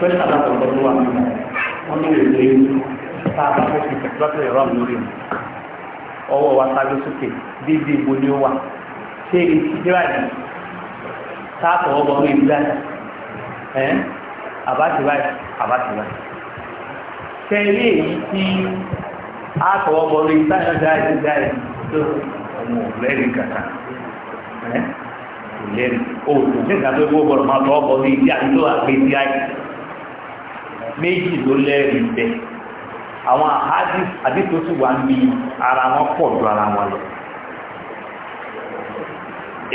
pẹ́sà látọ̀ lọ́wọ́ wà nínú wọn ní ìwé tá a bá fẹ́ fi tẹ̀síwájú ẹ̀rọ àwọn lórí ọwọ́ wa sáré sókè déédéé ibo ni ó wà ṣé etí dírà yìí tá a tọ̀wọ́ bọ̀ ní ìdílé ẹ̀ àbáṣe báyìí àbáṣe báyìí ṣe ilé èyí tí a tọ̀wọ́ bọ̀ ní ìdílé ẹ̀ dáì dáì tó ọmọ lẹ́rìí kàkà ẹ̀ lẹ́rìí o tó ṣe ìdájọ́ ìwé máa tọ̀wọ́ bọ̀ ní ìdílé àdúgbò àgbèsí méjì ló lẹ́rìí bẹ́ẹ̀ àwọn àhádìs àdìsó sì wà ní ara wọn pọ̀ ju ara wọn lọ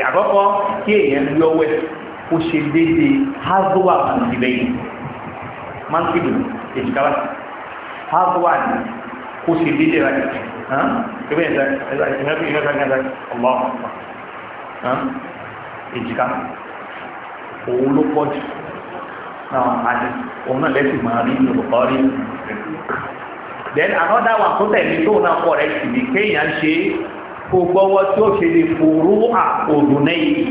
àkọ́kọ́ kí èèyàn lé ọwọ́ ẹ̀ kó ṣe déédéé hazowa mọ̀tìlẹ́yìn mọ́tìlù èjìkára hazowa ni kó ṣe déédéé rẹ̀ ẹgbẹ́ ìjọba ìjọba ìjọba ìjọba ìjọba ọlọ́ọ̀pọ̀ èjìká òun ló pọ̀ jù náà máa ní òun náà lẹ́sìn máa rí ní olùkọ́ then another one tó tẹ̀lé tó náà kọ̀ rẹ̀ sì ni kéèyàn ṣe kó gbọ́wọ́ tí ó ṣe lè forú àkòrò náà yìí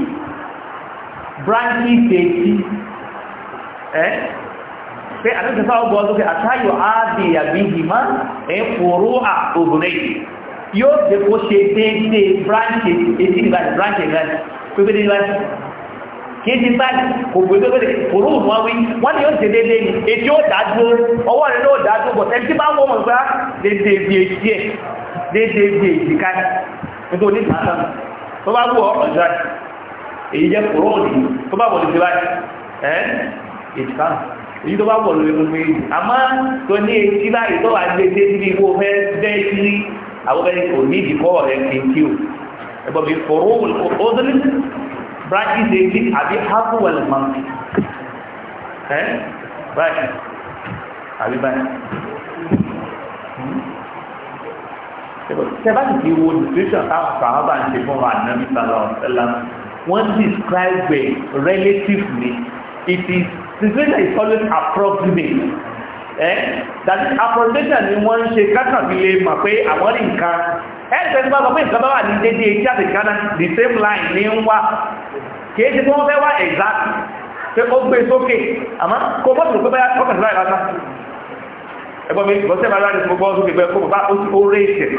brandy kejì ẹ́ pé àdókòfà ọgbọ́n tó fi àtàyọ̀ áàbì àbí ìmá ẹ̀ forú àkòrò náà yìí yóò dé kó ṣe déédéé branch èdè ìgbà branch ìgbà pépé dé kìí ti báyìí kò gbèdé gbèdé kòrò òun wá wí wọ́n ni yóò ṣe déédéé ni ètí ó dá dúró ọwọ́ rẹ̀ ló dá dúró bọ̀ tẹ́tí bá wọ́n mọ̀ gbá déédéé bí ètí ẹ̀ déédéé bí ètí ká nítorí ní ìgbà náà tó bá wù ọ ọ̀dọ́ èyí jẹ́ kòrò òun yìí tó bá wọ̀ ní ti báyìí ẹ́ ètí ká èyí tó bá wọ̀ lórí gbogbo èyí àmọ́ tó ní etí báyìí tó wà ní etí bí wo fẹ́ sí àwọn ẹni kò ní ìdíkọ́ rẹ̀ branches èyí àbí hapwell man ẹ́ branches àbí báyìí tẹ́bá ti fi wo description táwọn sàhábà ń ṣe fún wa nàbí sàlọ̀ ọ̀sẹ̀lá wọ́n describe it relatively it is situation is always approximate eh that is approximation ni wọ́n ń ṣe kásàfi lè mọ̀ pé àwọn rí nǹkan ẹ̀ẹ́dẹ̀ẹ́dẹ́ bá sọ pé nǹkan wà ní dédé tí a the same line ní ń wá kìí ṣe tí wọ́n fẹ́ wá exact pé ó gbé sókè àmọ́ kò bọ́ sí pé ọkàn síláì lásán ẹgbọ́n mi bọ́sẹ̀ máa láti gbọ́ sókè pé kò bá ó ti ó ré ìṣẹ̀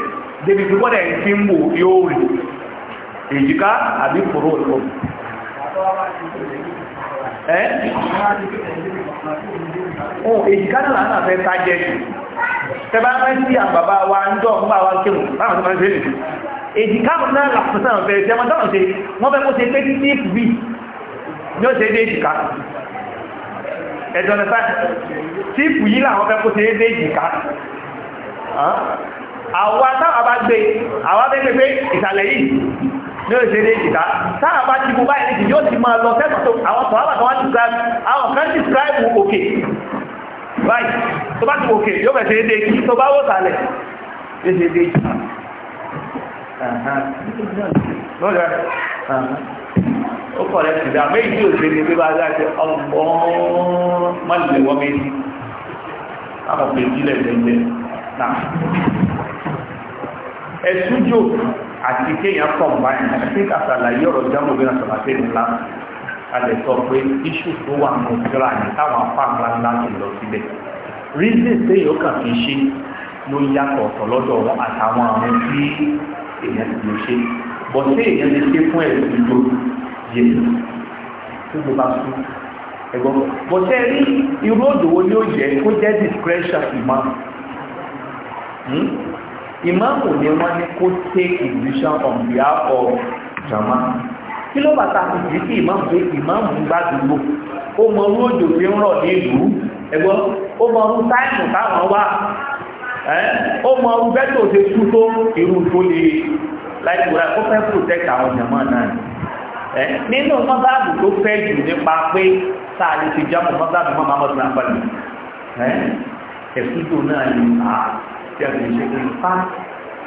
débi tí wọ́n dẹ̀ ń fi ń wò yóò rí èjìká àbí fòrò òkú ẹ́ ohun èjìká náà náà fẹ́ tájẹ́ tẹ́bá fẹ́ sí àbàbá wa ń dọ̀ fún àwọn akéwù láwọn tó fẹ́ èjìká náà làkùsàn bẹ̀rẹ̀ tí a máa dáwọn ṣe wọ́n fẹ́ kó ṣe pé típ b ní ó ṣe dé èjìká ẹ̀dọ̀nà sáà típ yìí làwọn fẹ́ kó ṣe dé èjìká àwọn táwọn bá gbé àwọn abẹ́gbẹ́ pé ìsàlẹ̀ yìí ní ó ṣe dé èjìká táwọn bá ti mú báyìí nìkì yóò ti máa lọ sẹ́kọ̀ọ́ tó àwọn sọ̀rọ̀ àwọn describe àwọn kan describe òkè báyìí tó bá ti òkè yóò fẹ́ ṣe dé èjì tó bá wò sàlẹ̀ ṣe dé èjìká lọ́dọ̀ ó kọ̀ lẹ́sìn dá méjì òṣèlú ní pípa láti ọgbọ́n mọ́lẹ̀wọ́ méjì àmọ̀ péjì lẹ́gbẹ̀ẹ́ náà ẹ̀sùjò àti kéèyàn kọ̀m̀báyìn àti kàtàlàyé ọ̀rọ̀ jámù bí wọ́n sọ̀rọ̀ àtẹ́yìn ńlá alẹ́ sọ pé iṣu tó wà ní òkúra yìí táwọn apá ńlá ńlá ti lọ síbẹ̀ rízìn téèyàn kàn ṣe ló yàtọ̀ ọ̀tọ̀ lọ́dọ̀ àtàwọn àwọn tí èèyàn ti ṣe bọ̀ sí èèyàn ti ṣe fún ẹ̀rù ìjọ yẹ tó ló bá sún ẹ̀gbọ́n bọ̀ sí ẹ̀rí irú òdòwò ni ó yẹ kó jẹ́ discretion imam hmm? imam ò ní wọ́n ní kó take a decision on behalf of jama kí ló bàtà kò sí sí imam pé imam gbàdúgbò ó mọ orú òjò tí ń rọ̀ ní ìlú ẹ̀gbọ́n ó mọ orú táìmù táwọn wà ó mọ ọgbẹ́ tó ṣe tú tó irú tó lè láì kúrò kó fẹ́ protect àwọn jàmọ́ náà nínú mọ́sáàbù tó fẹ́ jù nípa pé sáàlì ti jámù mọ́sáàbù mọ́ máa mọ́sí lápá ní ẹ̀sùjò náà ni àtẹ̀sùn ìṣẹ́gun ipá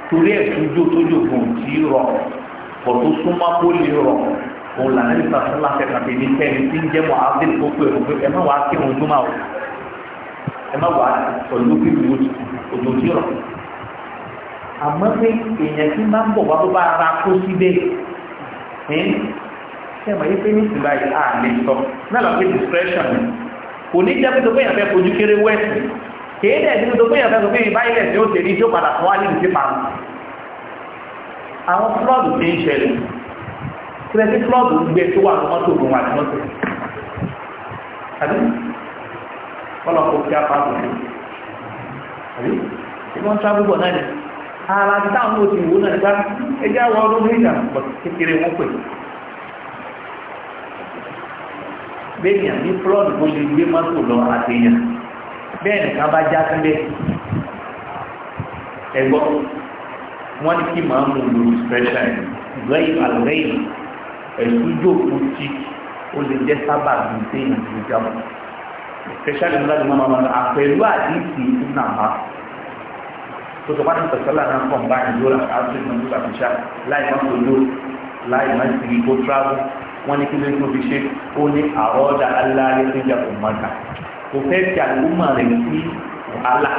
torí ẹ̀sùjò tó jòkùn tí rọ̀ pọ̀ tó súnmọ́ kó lè rọ̀ òun là ní ìfàsán láti kàfé ní kẹ́ni tí ń jẹ́ mọ́ ábílì kókó ẹ̀rọ pé ẹ má wàá kírun tó máa ẹ má wàá pẹ̀lú kí ìlú òjò tí rọ̀ àmọ́ pé èèyàn tí máa ń bọ̀ wá tó bá ara kó síbẹ̀ ẹ́ ṣe mọ̀ yìí pé ní ìsìn báyìí à lè sọ náà lọ pé discretion kò ní jẹ́ pípé yàn fẹ́ fojú kéré wẹ́ẹ̀sì kèé dẹ̀ nínú tó pé yàn fẹ́ sọ pé báyìí lẹ̀ tí ó ṣe ní tí ó padà fún wa ní pa àwọn flood ti ń ṣẹlẹ̀ kí lẹ́ sí ń gbé tó wà ní mọ́tò ògùn àti mọ́tò àbí ọlọ́kọ̀ kí á pa àbí ìwọ́n tá gbogbo náà ni ara ti táwọn náà ti wò náà nípa ẹjẹ́ àwọn ọdún méjìlá pọ̀ kékeré wọ́n pè bẹ́ẹ̀ni àní flọ́ọ̀dù kó lè gbé mọ́tò lọ àtẹ̀yàn bẹ́ẹ̀ nìkan bá já sílẹ̀ ẹgbọ́n wọ́n ní kí màá mú lòlù special lẹ́yìn àlẹ́yìn ẹ̀sùn jòkó tí ó lè jẹ́ sábà gbèsè ìjọba especially nígbà tí wọ́n máa ń àpẹ̀lú àdìsí nínú àmà tó sọ fún àtẹ̀sọ́lá náà kọ̀ nígbà tí yóò rà áṣírí náà nígbà tó ṣá láì má tó lò láì má sì travel wọ́n ní kí ló tó fi ṣe ó ní àrọ́dà aláàrẹ tó jà kò má kà kò fẹ́ ti àlùmọ̀ rẹ̀ sí wàhálà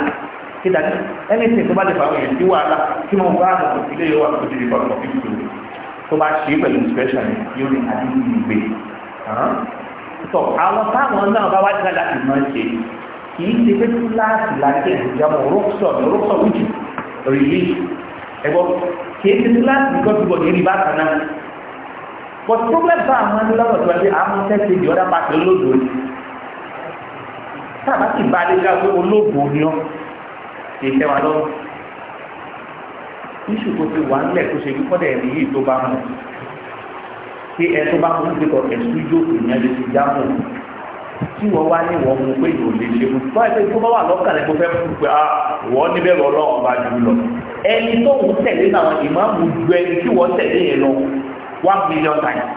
kí dàbí ẹni tí tó bá lè fàwọn èèyàn sí wàhálà kí wọ́n bá àwọn òṣèlú yóò wà tó ti di kọ́kọ́ fífi tó bá ṣe pẹ̀lú special yóò ní àdìsí ìgbé tọ̀ àwọn táwọn náà bá wá dá láti máa ṣe kì í ṣe pé kíláàsì láti ìjọmọ̀ rọ́pṣọ̀ rọ́pṣọ̀ wíjì rìlí ẹ̀gbọ́n kì í ṣe kíláàsì nǹkan tó gbọ̀dọ̀ rí bákan náà but problem bá àwọn ẹni lọ́wọ́ tó ẹgbẹ́ àwọn tẹ́sí di ọ̀dà pàṣẹ olóògbò ni tábà sì bá adéga pé olóògbò ni ọ́ kì í tẹ́ wa lọ́wọ́ iṣu tó ti wà ń lẹ̀ tó ṣe kí kọ́dẹ̀ pé ẹ tó bá fún ìdíkọ̀ ẹ̀sùn ìjókòó ìyẹn lè ti já mọ̀ tí wọ́n wá ní ìwọ̀n mu pé yóò lè ṣe fún tó ẹgbẹ́ tó bá wà lọ́kàn rẹ̀ kó fẹ́ fún pé ah wọ́n níbẹ̀ lọ lọ́wọ́ bá jù lọ ẹni tó ń tẹ̀lé náà ìmáàmù ju ẹni tí wọ́n tẹ̀lé yẹn lọ one million times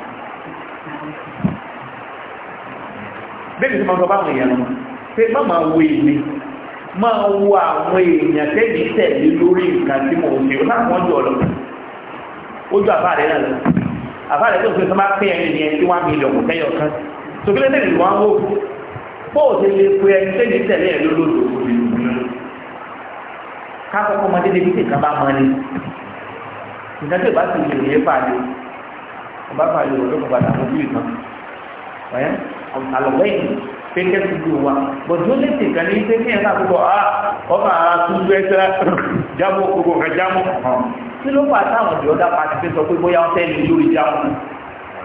bẹ́ẹ̀ ni sọ́kọ́ bá wọn èèyàn lọ pé má máa wo èmi máa wo àwọn èèyàn tẹ́lẹ̀ tẹ̀lé lórí nǹkan tí mo ṣe láwọn jọ lọ ó àbá rẹ̀ náà lọ àfáàlẹ̀ tó fi sọmá pé ẹni yẹn tí wọ́n mílíọ̀nù kẹyọ̀ kan sókèlè tẹ̀lé ìlú wọn wò bóò ti lè pe ẹni tẹ̀lé tẹ̀lé ẹ̀ lólódò kákọ́kọ́ ọmọdé lè fi kàn bá mọ́ ni nǹkan tó bá ti lè yé fàlẹ́ ọba fàlẹ́ olókùn padà mú bí ìtàn ẹ̀ àlọ́wẹ́yìn pété tuntun wa bọ̀dún lè ti kàn ní pé kí ẹ̀ náà kókò ọba àtúntò ẹ̀ jábọ̀ kókò kàn jábọ̀ hàn kí ló fà táwọn ọ̀dọ́ dá pàtí pé sọ pé bóyá ọ̀tẹ́ ni lórí jámù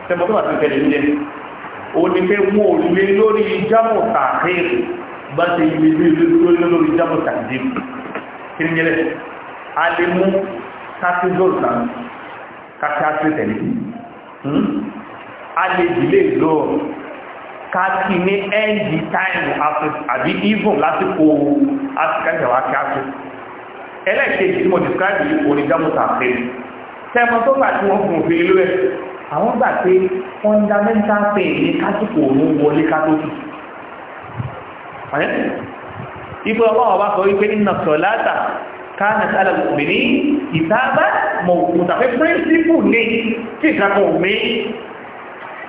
tẹmọ tó wà tó tẹ̀lé ní ẹni ó ní pé wọn ò lé lórí jámù tààkìrì bá ṣe ilé lórí lórí jámù tààkìrì kí ni yẹlẹ a lè mú kásí lóòtà kásí àti tẹ̀lé hmm? a lè dìlé lóò kásí ní ẹ́ndì táìmù àbí ìvùn lásìkò àti kásí àwọn akásí ẹlẹ́ẹ̀kejì tí mo describe yìí kò ní jámọ́ta fẹ́ tẹ́mọ tó gbà tí wọ́n fún òfin ìlú ẹ̀ àwọn gbà pé fundamental pain ní kásìkò òun wọlé kátólì ibi ọlọ́wọ́ bá sọ wípé nínú sọ̀láta kánàtí alàgbòmí ní ìtaábá mọ̀ òkútàfẹ́ príncipù ní tí ìtàkùn òmí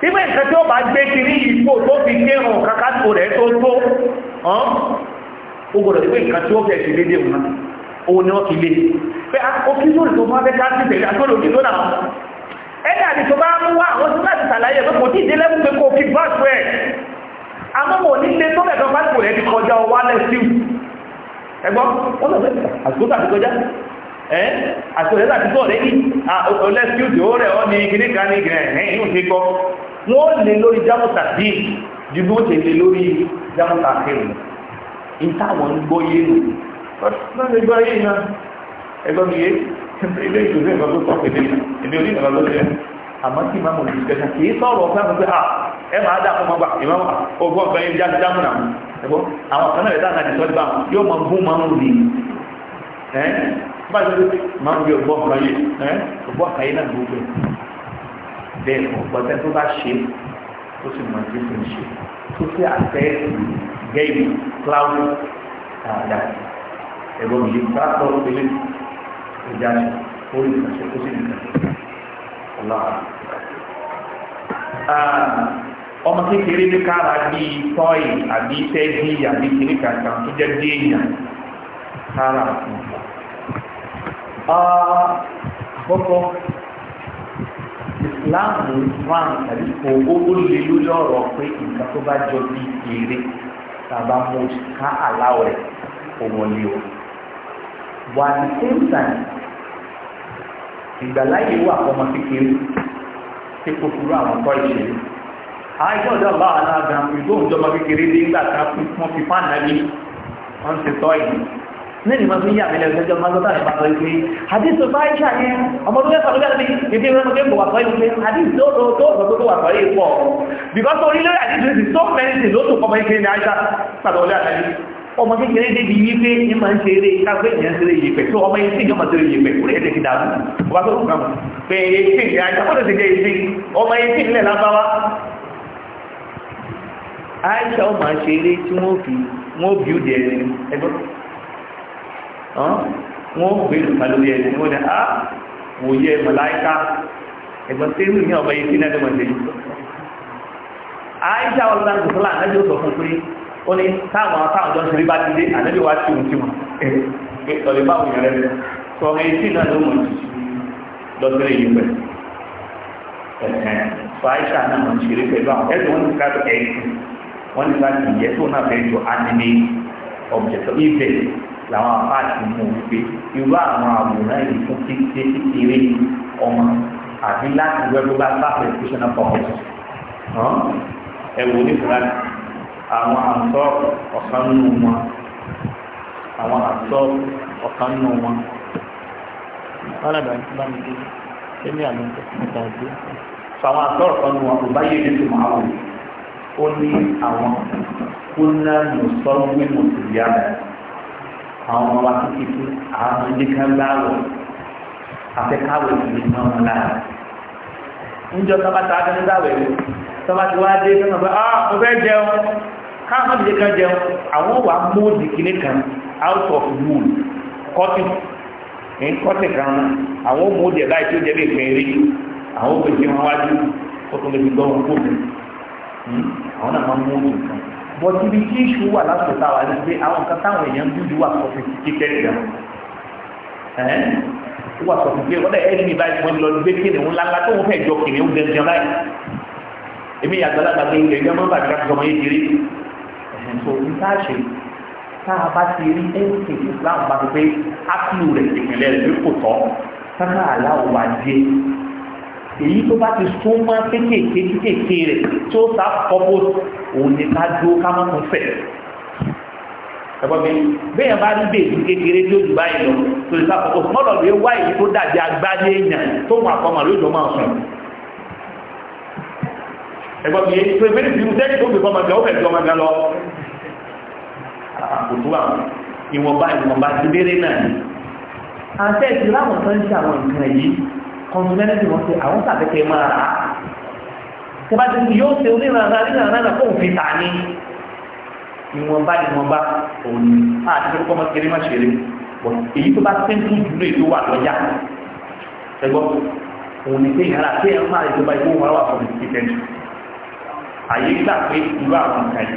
ibẹ̀ nǹkan tí ó bá gbé ti ní ipò tó fi kéràn kakásìkò rẹ̀ tó tó ọ́n ó gbọ́dọ̀ sí pé nǹkan tí ó fẹ́ sí dédé òun náà òun ni wọ́n fi lé pé ah, òkìsóòrì tó máa bẹ́ká sí ìbẹ̀rẹ̀ àtọ́lò òkìsó náà ẹni àti tó bá mú wá àwọn tó láti sàlàyé pé kò tí ìdílé mú pé kò fi bọ́ọ̀sù ẹ̀ amọ́mọ̀ nílé tó bẹ̀ẹ̀ kan pàtàkì rẹ̀ ti kọjá wá lẹ́síù ẹgbọ́n wọ́n lọ bẹ́ẹ̀ àsìkò tàbí kọjá ẹ́ àsìkò rẹ̀ láti tọ́ rẹ̀ ní lẹ́síù tí ó rẹ̀ ọ́ ní kíní kan ní gẹ̀rẹ̀ ẹ̀yìn òṣè kọ́ wọ́n lè lórí jámọ́tà díì ju bí wọ́n ti lè lórí gbọ́ yé náà lè gbá yìí náà ẹgbọ́n mi yé ilé ìjòsí ìgbà tó tọ́pẹ̀ dé ilé orí ìgbà tó jẹ́ àmọ́ kí ìmáàmù lè gbẹ̀ta kì í sọ̀rọ̀ ọ̀sán pé à ah, ẹ máa dà jam ọgbà ìmáàmù ọgbọ́n kan yìí jáde dáhùn náà ẹgbọ́ àwọn kan náà lè dáhùn àti sọ́dí bá yóò máa bú máa ń rí ẹ́ bá yóò máa ń rí ọgbọ́n kan yìí ẹ́ ọgbọ́n kan yìí náà gbogbo bẹ́ẹ̀ ọgbọ́n tó bá ṣe tó sì máa ẹ̀rọ yìí bá tọ́ ilé ìjà ṣe orí ìkàṣẹ ó sì nìkan ọlọ́run. Ah, ọmọ kékeré ní kára bí tọ́ì àbí tẹ́jì àbí kiri kankan tó jẹ́ déèyàn kára fún ah, un. àkọ́kọ́ ìsìláàmù frank tàbí kò owó lè lórí ọ̀rọ̀ pé nǹkan tó bá jọ bí eré tàbá mo ká àláwẹ̀ òwò ni o wà ní same time ìgbàláyé wà ọmọ kékeré tí kò fúrú àwọn ọkọ ìṣẹ̀lẹ̀ àìsàn ọjọ́ bá wà náà gan ìgbó òjò ọmọ kékeré dé nígbà kan fún wọn fi fáànà bí wọn ti tọ́ ìlú nínú ìmọ̀ fún yàmílẹ̀ ìgbẹ́jọ́ máa lọ́tà nípa sọ ìpé àdíṣò bá ń ṣàyẹ ọmọ tó mẹ́fà ló gbẹ́rẹ̀ bí ìdí tó wà sọ ìpé àdíṣò tó tó ọ̀sọ̀ tó wà sọ ìpọ̀ because orílẹ̀ àdíṣò ti so many things ló tó kọmọ ìpé ní àìsà pàtàkì ọmọ kékeré débi yí pé ní máa ń ṣe eré káfé ìyẹn ṣeré yìí pẹ̀ tó ọmọ yìí sí ìjọba ṣeré yìí pẹ̀ kò lẹ́yìn ti dàrú ọba tó kàn pé èsì àjàkọ́tò ti jẹ́ èsì ọmọ yìí sí ilẹ̀ lábáwá. Aisha ọmọ ṣe eré tí wọ́n fi wọ́n bí ó di ẹni ẹgbẹ́ wọ́n gbé lùpà lórí ẹni wọ́n ní a wò yẹ màláìka ẹgbọ́n sí ó ní táwọn táwọn jọ ń ṣeré bá ti dé ànábì wá tí òun tí wọn ẹ sọ̀rọ̀ bá òun yẹrẹ lọ sọ ọmọ etí náà ló mọ̀ jù lọ sí ẹ̀yìn pẹ̀ ẹ̀hẹ̀n fàáṣà náà mọ̀ ṣeré pẹ̀lú àwọn ẹ̀sùn wọn ti ká tó ẹ̀sùn wọn ti ká tó ìyẹ́ tó náà fẹ́ jọ anime object ibẹ̀ làwọn apáàtì mú wípé irú àwọn àwòrán yìí fún kékeré kékeré ọmọ àbí láti wẹ́gbẹ́ bá bá fẹ́ fúnṣẹ́ náà pọ̀ ẹ̀wò onífúnra àwọn àtọ́ ọ̀kan nù wọn àwọn àtọ́ ọ̀kan nù wọn. alábàáyé bá mi dé ṣé ní àná ìta ìgbé. àwọn àtọ́ ọ̀kan nù wọn kò bá yé nínú àwọn ó ní àwọn kúnlá ló sọ wíwò sí ìyá rẹ̀ àwọn ọmọ wa kékeré àwọn ilé kan bá wọ̀ ìlú náà wọn lára. ń jọ sábà tá a dẹ́nu dáwẹ̀ sábà tí wọ́n á dé sọ́nà pé ah mo fẹ́ jẹun káàmà lè kan jẹun àwọn wà mọ́ọ̀dì kìíní kan out of wool cotton ní cotton kan àwọn mọ́ọ̀dì ẹ̀dá tí ó jẹ́ lè pẹ́ rí àwọn òfin fi wọn wájú ó tún lè fi gbọ́ wọn kóòtù hmm? àwọn náà máa ń mọ́ọ̀dì kan bọ́ tí bí kí ìṣù wà lásìkò táwa ní pé àwọn kan táwọn èèyàn ń dúdú wà sophisticated gan ẹ́n wà sophisticated wọ́n dẹ̀ ẹ́ ní báyìí wọ́n lọ gbé kìnìún ńláńlá tó wọ́n fẹ́ jọ kìnìún gẹ́gẹ́ báyìí èmi àgbàlagbà ní ilẹ̀ ìjọba bàbá àti ọmọ yìí kiri ẹ̀sọ́ orí tá a ṣe tá a bá ti rí ẹ̀sìn Islam bá ti pé ápìlù rẹ̀ ìpìlẹ̀ rẹ̀ kò tọ́ káká aláwọ̀ wá dé èyí tó bá ti súnmọ́ kéékèèké kéékèèké rẹ̀ tí ó sá kọ́pọ̀ òun ni ká dúró ká má tún fẹ̀ ẹ̀gbọ́n mi bẹ́ẹ̀ bá rí bèèdì kékeré tí ó jù báyìí lọ tó lè sá kọ́pọ̀ mọ́lọ̀ lè wá èyí tó dàbí agbájé èèyàn tó wà kọ́mọ̀ lójó máa sùn ẹ̀gbọ́n mi tó ebédì tí mo tẹ́lẹ̀ tó gbé kọ́mọ̀ àkótó àwọn ìwọ̀nba ìwọ̀nba ti bèrè náà ni àti ẹ̀sìn láwọn tó ń ṣe àwọn nǹkan yìí kọ̀ǹtùmẹ́ntì wọn ṣe àwọn sàbẹ̀kẹ̀ máa rà á tẹ́bá ti fi yóò ṣe onírànà onírànà kó òfin tà ní ìwọ̀nba ìwọ̀nba òun àti kókó ọmọ kiri má ṣeré bọ̀ èyí tó bá sẹ́ńtù jùlọ èyí tó wà lọ́jà ẹgbọ́ òun ni pé ìhàrà pé ẹ máa ètò bá ikú wọn wà fún ìfẹ́ àyè gbà pé irú àwọn nǹkan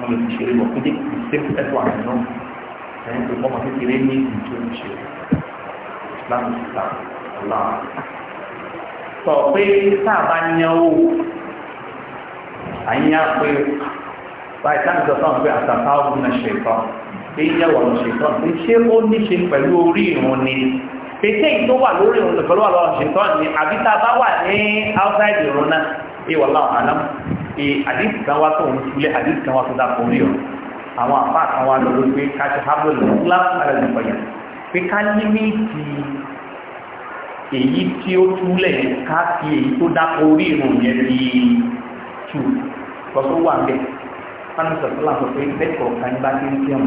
wọn lè fi ṣeré bọ̀ kó jẹ́ ìṣẹ́kù ẹ̀tọ́ àrẹ náà ẹ̀yìn tó mọ́ kékeré ní ìlú tó ń ṣe láti ṣùgbà ọ̀la. sọ pé sáà bá yan owó àyíyá pé báyìí táwọn ìjọba ń pè àtàkà ọdún náà ṣe ìtọ́ pé yíyá wọ̀ lọ ṣe ìtọ́ pé ṣé ó ní ṣe pẹ̀lú orí ìrún ni pété ìtó wà lórí ìrún lọ́wọ́ ṣe ìtọ́ ni àbí tá a bá wà ní outside ìrún náà ìwọ̀lá ọ̀hánà pé àdìsí kan wá tó ń sulẹ̀ àdìsí kan wá tó dà fún yọ àwọn apá kan wá lọ́wọ́ pé ká ṣe hábọ̀ lọ́wọ́ ara lè fọyà pé ká límìtì èyí tí ó túlẹ̀ ká fi èyí tó dá orí irun yẹn fi tù lọ́sọ̀ wà bẹ́ẹ̀ fani sọ̀tọ́ là sọ pé lẹ́kọ̀ọ́ kan bá ti ń tẹ̀ wọ́n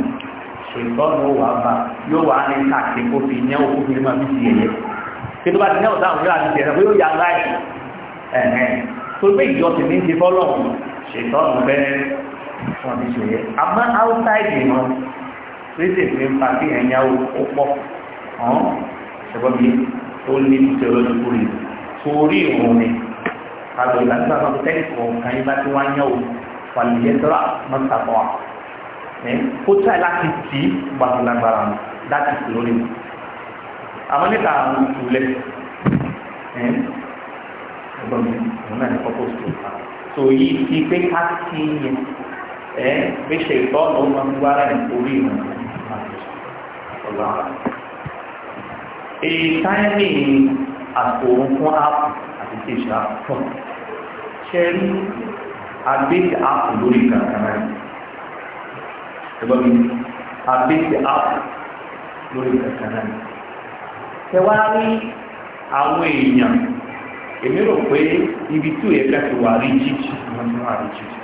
ṣèǹtọ́nù ó wàá bá yóò wàá ní káàkiri kó fi ní ọkọ̀ fi máa fi ti ẹ̀yẹ kí ló bá ti ní ọ̀dà òun yóò àti tẹ̀sán pé yóò yà láì ẹ̀hẹ́n tó gbé ìjọsìn ní ti fọ́lọ́run ṣètọ́nù bẹ́ẹ̀ wọ́n ti ṣe yẹ àmọ́ outside wọn rédè fi ń fa kí ẹ̀yà ó pọ̀ hàn ṣẹ̀gbọ́n mi ó ní ti ṣe olóṣùkú rẹ̀ torí ìwọ̀n mi àgbẹ̀ ìgbàgbọ́ àwọn akẹ́kẹ́ kọ̀ọ̀kan yín bá ti wá yàn ó fàlìyẹ́dọ́rà mọ́tàkọ́wà ó tẹ̀ láti tì í gbàgbọ́lágbára mi láti lórí mi àmọ́ níta àwọn ìtúlẹ̀ ẹ̀gbọ́n mi òun náà ní purpose tó fà so yìí ti pé ká sí yẹn ẹ bí ṣe ìtọ́ ọ̀nà ọmọ mi wá láì orí ìrìn ọ̀la èyí táyẹ̀mì àtòrun fún áàpù àti tíṣà fún ṣe rí àgbéṣe áàpù lórí kankan náà ẹ̀gbọ́n mi àgbéṣe áàpù lórí kankan náà ṣe àwọn èèyàn èmi rò pé ibi tí òye ká ti wà rí jíjì wọ́n ti wà rí jíjì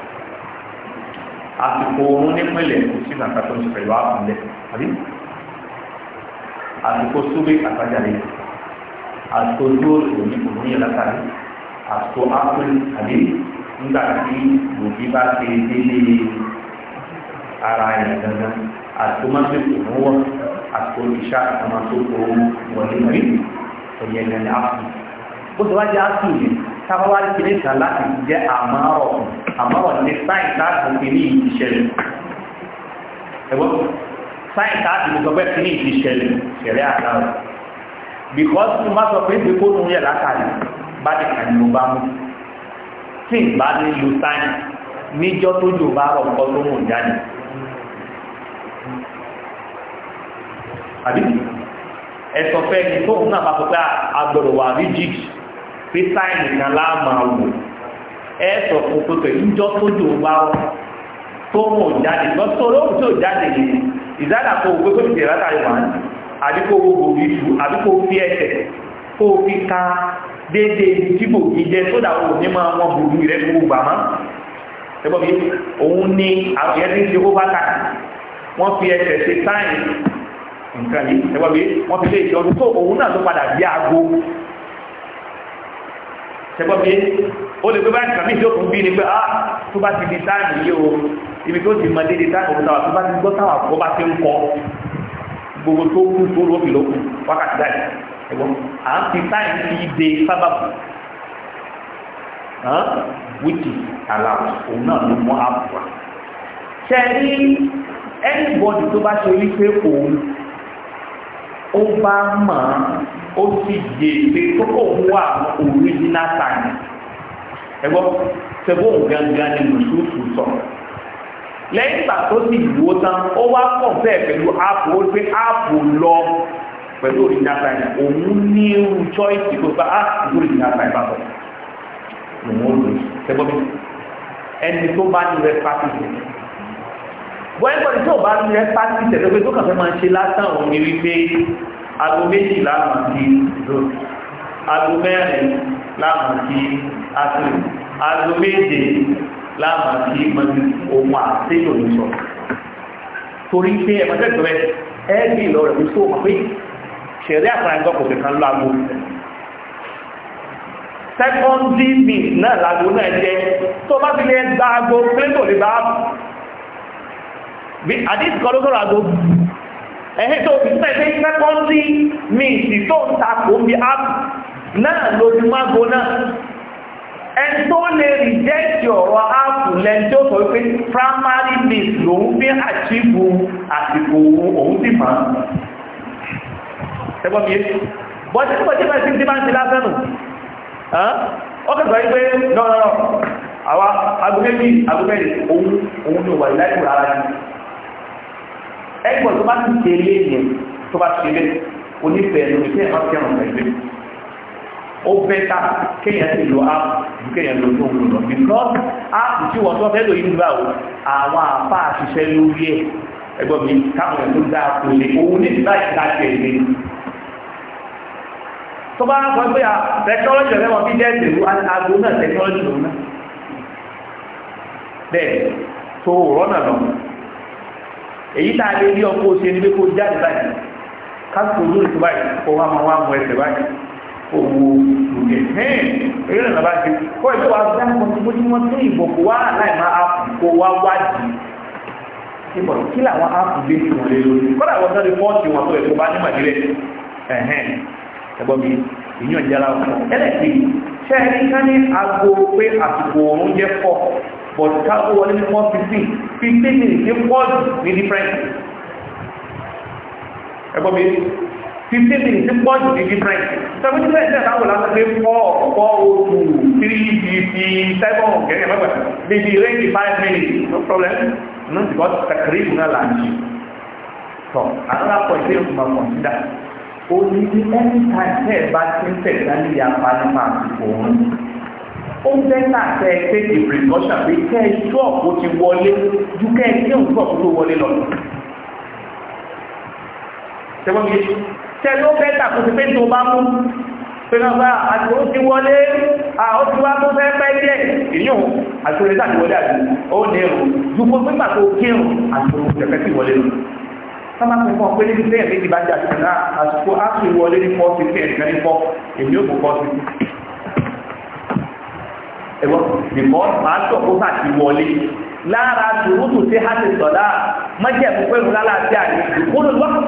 àsìkò oorun nípìnlẹ̀ kò sí nàkà tó ń ṣe pẹ̀lú àkùnlẹ̀ àbí àsìkò súbí àtàjáde àsìkò dúró òní òní yẹn látàrí àsìkò ápùn àbí nígbà tí lòdì bá ti délé ara yẹn dandan àsìkò máa ń fi òun wọ àsìkò ìṣá àmàtòkò wọlé rí òní ẹ̀yẹ ní ápùn ó ti wá jẹ́ áṣù yìí tábà wá kí ní kan láti jẹ́ àmárọ̀ àmárọ̀ ní sáìn láti fi ní ìṣẹ̀lẹ̀ ẹ̀wọ́n sáìn láti fi ní ìṣẹ̀lẹ̀ ṣẹ̀rẹ́ àdá rẹ̀ because tí má sọ pé ṣe kó tún yẹ látàrí bá ní kàn ní mo bá mú tí ìgbà ní lu sáìn níjọ́ tó jò bá rọ̀ nǹkan náà bá sọ pé agbọ̀rọ̀ pé táìmù kan láàmà wò ẹ sọ fún kótó ìjọ tó jò bá ọ tó mọ̀ jáde lọ tó lóhùn tó jáde yìí ìdáàdà kó gbé kóbi jẹ látàrí wà ní àdíkò gbogbo ìṣù àdíkò fi ẹsẹ̀ kó fi ka déédéé ìdíbò jíjẹ tó dàwọ̀ ní máa wọn gbogbo rẹ gbogbo gbàmọ́ ẹgbọ́n mi òun ní àwọn ẹni tí ó bá kàkà wọ́n fi ẹsẹ̀ ṣe táìmù nǹkan yìí ẹgbọ́n mi wọ́n fi lé ìṣọ́dún tó òun náà tó padà bí aago ṣẹgbọ́n bí ó lè gbé bá mí ìjókòó bí ni pé ah tó bá ti di táàmì yìí o ibi tó ti mọ déédéé táàmì òkúta wà tó bá ti gbọ́ táwà kó bá ti ń kọ gbogbo tó kú tó lóbi lókun wákàtí dáì ẹ̀gbọ́n à ń fi táàmì ti de sábàbù wíjì aláwọ̀ òun ó sì yé pé kókó òun wà original time ẹgbọ́ sẹ́gbọ́ gangan ni mùsùlùmù sọ lẹ́yìn ìgbà tó sì wò tán ó wá pọ̀ bẹ́ẹ̀ pẹ̀lú áàpù ó pé áàpù lọ pẹ̀lú original time òun ní irú choice kó bá áàpù original time bá bọ̀ lòun ó lò sẹ́gbọ́ mi ẹni tó bá ní rẹ pàtìsì wọ́n ẹgbọ́n tó bá ní rẹ pàtìsì ẹ̀dọ́gbẹ́ tó kàn fẹ́ máa ṣe lásán òun ni wípé aago méjì láàmà sí lórí aago mẹ́rin láàmà sí asiri aago méje láàmà sí mọ́tì ohun àtẹ́yìn òníṣọ́ torí pé ẹ̀mọ́tẹ́gbẹ́ ẹ́ẹ̀bì ìlọrin ní sóòmù pé ṣẹ̀rí àtàràǹgọ́ kò kẹ̀kan lágbo secondary means náà lágbo náà jẹ́ tó bá fi lè gba aago pé kò lè bá bí àdíṣ ẹ̀hẹ́ tó fi pẹ̀lẹ́ sẹ́kọ́ndì míìsì tó ń takò bí ápù náà lójú má gbóná ẹni tó lè rìjẹ́kì ọ̀rọ̀ ápù lẹ́ni tó sọ wípé primary miss lòun fi àṣìbù àsìkò òun sì máa ẹgbọ́n mi bọ́tí tí bọ́tí bẹ́ẹ̀ tí bá ń ṣe lásán nù ó kẹ́kọ̀ọ́ wípé lọ́rọ̀ àwa agbẹ́bí agbẹ́bí òun òun ni wà láìpẹ́ ara yìí ẹgbọ́n tó bá ti tẹ̀lé yẹn tó bá tẹ̀lé onífẹ̀ẹ́ lórí tẹ́ ẹ̀ máa kẹrùn pẹ̀lú ó bẹ́ ká kéèyàn sì lo app ju kéèyàn lo tó wúlò lọ because app tí wọ́n tó fẹ́ lò yìí nígbà wo àwọn àpá àṣiṣẹ́ lórí ẹ̀ ẹgbọ́n mi káwọn ẹ̀ tó dáa kò lè owó ní ìgbà ìta tẹ̀lé tó bá sọ pé ah, technology ọ̀rẹ́ wọn bí dẹ́ẹ̀dì ru aago náà technology lòun náà bẹ́ẹ̀ tó rọ́nà lọ́nà èyí tá a lè rí ọkọ̀ oṣù ẹni pé kó jáde báyìí kásìkò lórí tó báyìí kó wá máa wá mú ẹsẹ̀ báyìí kó wo lùgẹ̀ hẹ́ẹ̀ èyí lọ́nà bá ti kó ìlú wa dá kan tí wọ́n ti wọ́n tún ìbọ̀ kó wá láì máa áàpù kó wá wádìí ìbọ̀ kí làwọn áàpù gbé tí wọ́n lé lórí kọ́dà wọ́n sáré fọ́ọ̀tì wọn tó ẹ̀kọ́ bá ní màdílẹ̀ ẹ̀hẹ́n ẹ̀gbọ́n mi ìyún ìjára wọn ẹlẹ́sìn ṣẹ́ẹ̀rí ká ní aago pé àsìkò òórùn jẹ́ pọ̀ but káwọ́ wọlé ní 115 15 minutes ní pọ́jù ní difference ẹgbọ́n mi 15 minutes ní pọ́jù ní difference 70% àwọn láti pé 4 4 oṣù 3 bt 7 gẹ́gẹ́ mẹ́gbẹ̀ maybe range 5 minutes no problem no because kakiri náà láti tọ́ another point tí ó máa consider ó ní ní anytime tẹ́ẹ̀ bá ti ń tẹ̀síwájú ìyá pa nípa àsìkò wọn ó ń fẹ́ láti ẹgbẹ́ ìpìrìkọ́ṣà pé kẹ́ ṣọ́ ọ̀pọ̀ ti wọlé ju kẹ́ ẹgbẹ́ òǹkọ̀ tó wọlé lọ tẹ́wọ́n mi tẹ́ ló fẹ́ tàkùn sí pé tó bá mú pẹ̀lọ́gbà àti ó ti wọlé àwọn tí wá tó fẹ́ pẹ́ díẹ̀ ìyún àtúrẹ́ láti wọlé àti ó ní ẹ̀rù dúpọ̀ pípà tó kírùn àtúrò tẹ̀fẹ́ sí wọlé lọ sábà fún fún pé níbi tẹ́yẹ̀ méjì bá jà sí náà àsìkò wọlé ní fọ́ sí kẹ́ẹ̀kẹ́ ní fọ́ èmi ò fọ́ sí ẹ̀wọ́n bìkọ́ máa tọ̀ kó bá ti wọlé lára tòrótò tí a ti sọ̀dá májẹ̀ pípẹ́ ìlú lálàáfíà ní ìkóló lọ́kù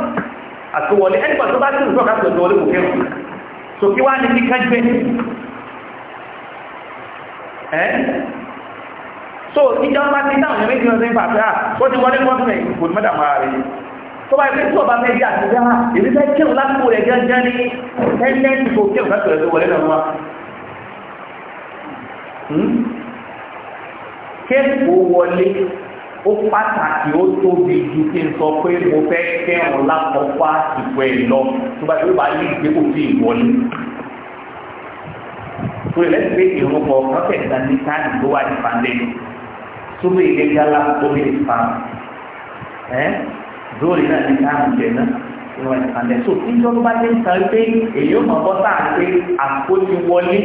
àti wọlé ẹni pàtó bá tìrù sọ́kà tó wọlé kò kẹrù so kí wá ní kí kájúwé ẹ́ so ìjọba ti dáhùn ní méjì lọ́sẹ̀ pàtàkì ah, wọ́n ti wọlé wọ́n fún ìgbòdì mẹ́ta máa rẹ̀ tó bá ìpín tí ọba fẹ́ yí àti dáhà ah, èmi fẹ́ kírun lásìkò rẹ̀ gẹ́gẹ́ ní ẹgbẹ́ Hmm? kẹ́kọ̀ọ́ wọlé ó pàtàkì ó tóbi ju kí n sọ pé mo fẹ́ kẹ́hàn lákọ̀ọ́kọ́ àsìkò ẹ̀ lọ tó bá tó bá ní ìgbékò sí ìwọlé torí lẹ́sìn pé ìrún kọ kọ́kẹ́ ìdání táàdì tó wà ní pàndé súnmọ́ ilé gálà tó lè fa ẹ́ lórí náà ní táàdì jẹ náà ìrún wà ní pàndé so tí ìjọba bá dé ń sọ pé èyí ó mọ̀ bọ́ sáà pé àkójọ wọlé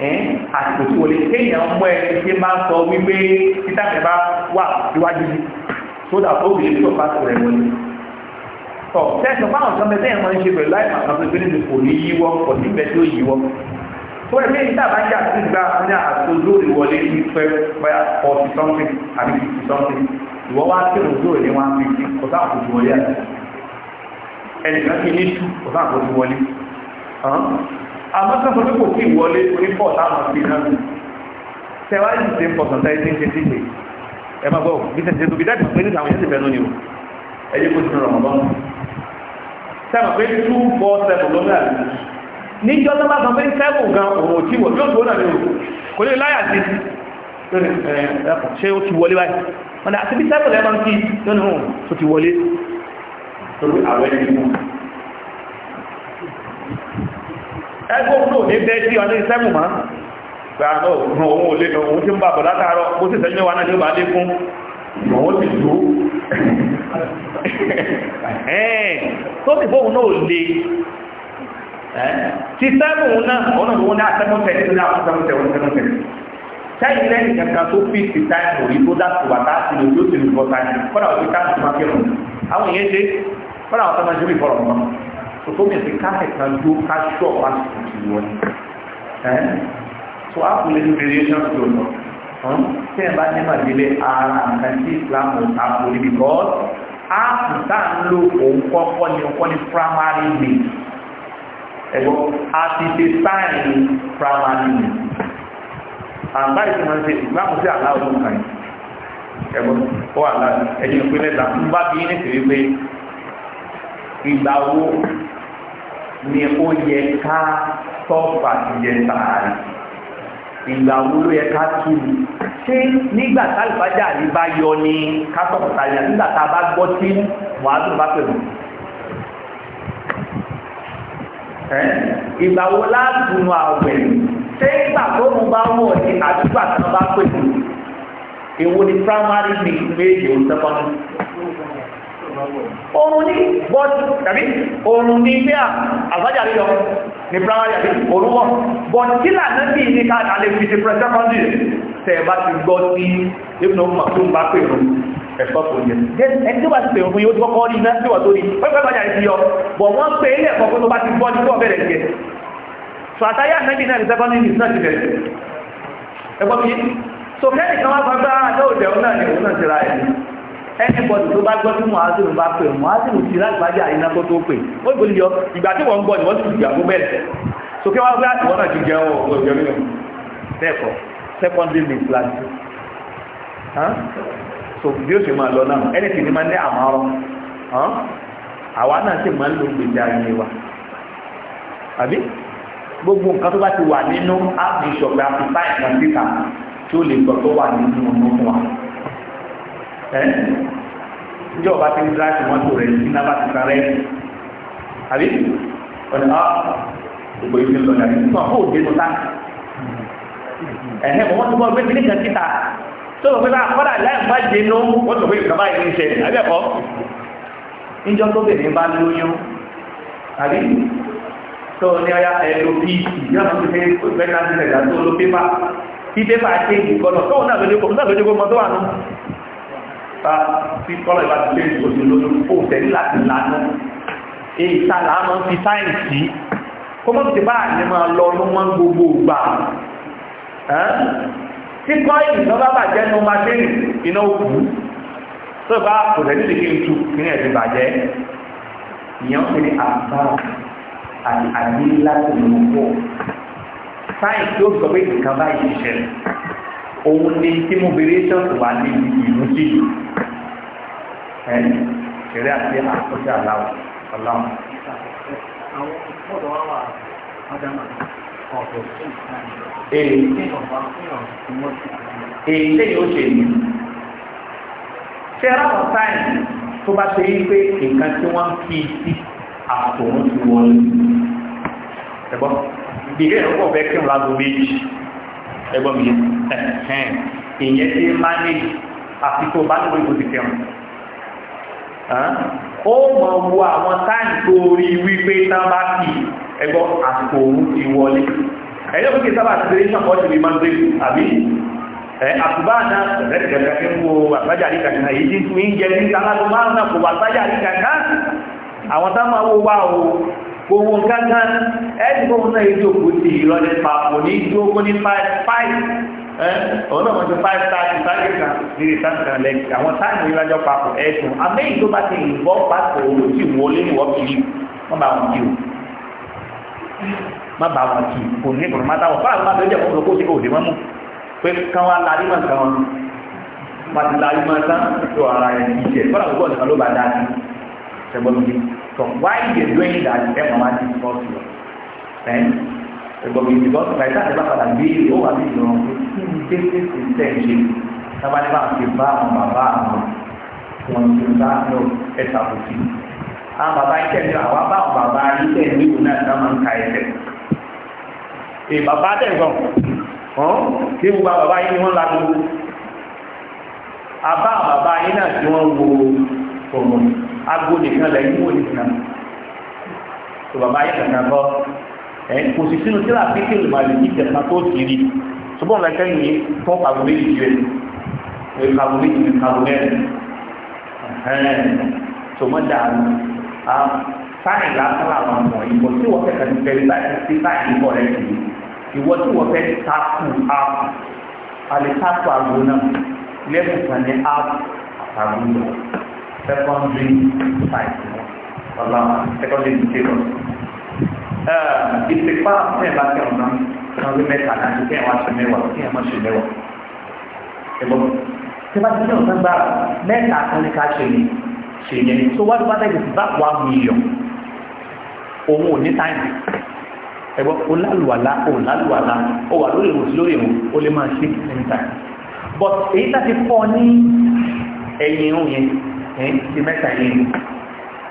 àsìkò tí wọlé kéèyàn mú ẹni tí máa sọ wípé títà mi bá wà síwájú yìí tó dà ó bìí tó bá sọ̀rọ̀ ẹ̀wọ̀n ni. tọ tẹsán fáwọn sọmọ ẹgbẹ́ yẹn máa ń ṣe pẹ̀lú láì máa sọ pé nínú kò ní yíwọ́ kò ní bẹ́ẹ̀ tí ó yíwọ́. tó ẹ pé níta bá jà sí gba ní àtò lórí wọlé ní fẹ́ something àbí fifty something ìwọ́ wá kí òun lórí ní one fifty kò sáà kò ju wọlé àti ẹnìkan kí ní two kò sáà wọlé àmọ́sọ́sọ́ pé kò tí ìwọlé onífọ̀ táwọn ti náà tẹwàájì ṣe ń pọ̀sán tẹ́ ṣe ń ṣe sí ìwé ẹ máa gbọ́ bí tẹ̀sí tóbi dájú pé níta àwọn ẹ̀sìn fẹ́ lónìí o ẹ jẹ́ kó ti rọrùn ọ̀bọ̀n sẹ́wọ̀n pé two four seven lọ́nà àbí níjọ́ tó bá sọ pé seven gan òun ò tí wọ̀ yóò tó náà ní o kò lè láyà sí ṣé ó ti wọlé báyìí wọn àti bí seven lẹ́nu ti lónìí o tó ti wọlé torí àwẹ̀ nínú ẹgbẹ́ òun náà ní bẹ́ẹ̀ sí ọdún ìsẹ́mù mọ́ gbàánà òun ò lè òun tí ń bàbọ̀ látàárọ̀ ó sì sẹ́jú mẹ́wàá náà ní ó bá dé fún òun ti dúró tó ti fóun náà lè ti sẹ́mù náà òun náà wọ́n ní àtẹ́mọ́tẹ́ tó ní àtẹ́mọ́tẹ́ òun tẹ́mọ́tẹ́ sẹ́yìn lẹ́yìn kankan tó fi ti táìmù rí tó dáàtò wà láti lè tó ti lè bọ́ táìmù àwọn èèyàn tómi ẹ̀sìn káfẹ̀ká ló ká ṣọ́ pásítọ̀ tí wọ́n ní ẹ́ tó á kú lé ní variation tó lọ tí ẹ bá ní màdílé ara nǹkan tí Islam ò ta kò ní because áàpù tá à ń lo òun kọ́kọ́ ni òun kọ́ ni primary need ẹ̀gbọ́n a ti ṣe sáìn primary need àbá ìṣẹ̀mọ̀ ṣe Islam sí aláwọ̀ kan yìí ẹ̀gbọ́n ó wà láti ẹ̀yìn ìpínlẹ̀ ìgbà tó bá bí ní ìṣèlú pé ìgbà wo ni ó yẹ ká tọ́pà ìyẹn tààrí ìgbà wo yẹ ká tú u ṣé nígbà tálùfájà ní bá yọ ni ká tọ́pà tààrí nígbà tá a bá gbọ́ tí wàhálà bá pẹ̀lú ìgbà wo látùnú àwẹ̀ ṣé ìgbà tó mú bá wọ̀ ní àdúgbà tí wọ́n bá pè èwo ni primary méjì ò sẹ́kọ́ndì oòrùn ní bọ́ọ̀dù tàbí oòrùn ní pé àzájà rí lọ ní primary àbí oòrùn wọ́n bọ́ọ̀dù kí lànà bí ní káàkà lè fi ti pre-secondary tẹ̀ bá ti gbọ́ sí ìpínlẹ̀ ọmọ tó ń bá pè rùn ẹ̀kọ́ tó yẹ. ẹni tó bá ti pè fún yóò kọ́kọ́ rí iná síwọ̀ tó rí wọ́n fẹ́ bàjá ìdíyọ bọ̀ wọ́n pè ilé ẹ̀kọ́ tó bá ti gbọ́ ní bọ́ọ̀ bẹ̀rẹ̀ jẹ. sọ àtàyà nẹ́bí náà ní sẹ́kọ́ndì ah, náà ti bẹ̀rẹ̀. ẹ̀kọ́ ẹnìbọ̀dì tó bá gbọ́ tí mọ̀hásìrù bá pè mọ̀hásìrù ti lágbàájà iná kó tó pè ó gbòlì yọ ìgbà tí wọ́n ń gbọ́ ni wọ́n sì gbàgbó bẹ́ẹ̀ sókè wá gbá ìwọ́n náà ti jẹ ọ̀rọ̀ ìjọ nínú tẹ́ẹ̀kọ́ secondary mix class so bí ó ṣe máa lọ náà ẹni tí ní máa ní àmárọ́ àwa náà sì máa ń lo gbèsè ayé wa àbí gbogbo nǹkan tó bá ti wà nínú áàpù ìṣọ̀gbà àti sáyẹ̀nsì àfíríkà tí ó lè gbọ́ tó wà nínú ọmọ wa ẹ́ níjọ́ ọba ti ń dá sí mọ́tò rẹ̀ ní nàbà ti sáré àbí ọ̀nà ìgbò ah, ìfi ń lọ dàbí nípa kó òde tó tán ẹ̀hẹ́ wọ́n ti bọ́ gbé kíníkan síta tó lọ pé bá kọ́dà láì má dénú wọ́n tó pé ìjọba yìí ń ṣẹlẹ̀ àbẹ́kọ́ níjọ́ tó bèrè bá lóyún àbí tó ní ọya ẹ̀lò bí ìjọba ti fẹ́ pẹ́ta sílẹ̀ dá tó ló pépà tí ṣe ìkọlọ̀ tó náà lójú bá tí kọ́lọ̀ ìbá ti lé ìgbòsí olóòrùn kò tẹ̀lé láti lánà èyí tààlà máa ń fi sáyẹ̀nsì kó mọ́ ti bá àyè máa lọ ló máa ń gbogbo gbà tí kọ́ ìrìnà bá bàjẹ́ ní ọmọ adé iná òkú tó bá kò tẹ̀lé lè kí n tu kí ní ẹ̀sìn bàjẹ́ ìyẹn fi ní àbára àti àdé láti lò sáyẹ̀nsì ó sọ pé nǹkan báyìí ṣẹlẹ̀ òun ni tí mo bèrè sọ́ọ̀tù wà ní ìlú sí ìlú ẹni ìṣẹ̀rẹ́ àti àkọsí aláwọ̀ ọláwọ̀. èyí lẹ́yìn ó ṣe ní ṣẹ́ra wọn sáyẹn tó bá ṣe yí pé nǹkan tí wọ́n fi sí àtòun ti wọlé ẹ̀gbọ́n ìdílé ìrọ́pọ̀ bẹ́ẹ̀ kí n lágbo méjì ẹgbọ́n mi ẹ̀hẹ́n ìyẹn tí máa ní àfikò bá nígbò ìbò ti fẹ́ràn ó mọ̀ wo àwọn táìmù tó rí wípé tán bá kì ẹgbọ́n àsìkò òun ti wọlé ẹ̀yọ́ kìí sábà ti rí sàn pọ́jù ìmọ̀ gbé àbí àtúbà náà rẹ̀gẹ̀gẹ̀ fi ń wo àgbájá àríkà náà èyí tí ń jẹ ní sálágbó márùn owó kankan ẹni tó náà yìí tó kù sí ìrọ̀ nípa ní tó ní five five ọ̀hún náà wọ́n ti five thirty five kan níbi sáàmù kan lẹ́yìn àwọn sáàmù yìí lájọ́ papọ̀ ẹ̀sùn amẹ́yìn tó bá ti yìnbọn pàṣẹ owó tí wọlé ní wọ́n kiri wọ́n bá wọn kí o má bá wọn kí kò ní kòrò má táwọn fáwọn máa tẹ́jẹ̀ fún ọkọ̀ òdè wọn mú pé kán wá larí mọ̀ kan wọn má ti larí mọ̀ sáà tó ara ẹ̀ kìí jẹ́ fọ́nà gbogbo ọ̀nà kan ló bá So why they doing that, then mama discuss you. Then, but because by that level that we all have been on fifteen basis intention, somebody must be bad on my bad on. Wọ́n ti ń bá lọ ẹ̀ta kò sí. Àwọn bàbá iṣẹ́ ní àwọn bá àwọn bàbá iṣẹ́ ní ìwò náà náà máa ń ka ẹ̀fẹ̀. Ìbàbá tẹ̀gbọ̀n, ọ̀hún, kí gbogbo àwọn bàbá yìí ni wọ́n lago. Àbá àwọn bàbá yìí náà tí wọ́n wo fòmù agbo nìkan lẹ́yìn wò nìkan tó bàbá yẹ kankan bọ́ ẹ kò sì sínú tí láti kékeré máa lè ní kẹsàn tó kiri ṣùgbọ́n lẹ́kẹ́ yìí fún kàwé méjì rẹ̀ ẹ kàwé méjì rẹ̀ kàwé mẹ́rin ẹ̀hẹ́n tó mọ́ dàrú a sáyì lásán làwọn ọmọ ìbò tí wọ́n fẹ́ kàdé bẹ̀rẹ̀ láti ṣe sáyì ìbò rẹ̀ kiri ìwọ tí wọ́n fẹ́ takù áàpù alẹ́ takù àgbo náà lẹ́kùn kan ní áàpù àtàgùn náà secondary science ọlọ́mà secondary education ìsìnkpá fún ẹ̀bá kẹwọn náà kan ló mẹ́ta náà kí ẹ̀wọ̀n aṣọ mẹ́wàá kí ẹ̀wọ̀n aṣọ mẹ́wàá ẹ̀bọ̀n tí wọ́n ti ní ọ̀sán gbà mẹ́ta kan ní ká ṣe ní ṣe yẹn so wọ́n ti bá tẹ̀sí bá wà mílíọ̀n òun ò ní táìmù ẹ̀bọ̀n o lálùwàlá o lálùwàlá o wà lórí ìwòsí lórí ìwò o lè máa ṣe ní táìmù but èyí tá ti fọ́ ní ẹ̀yìn òun yẹn ẹ̀ ti mẹ́ta yìí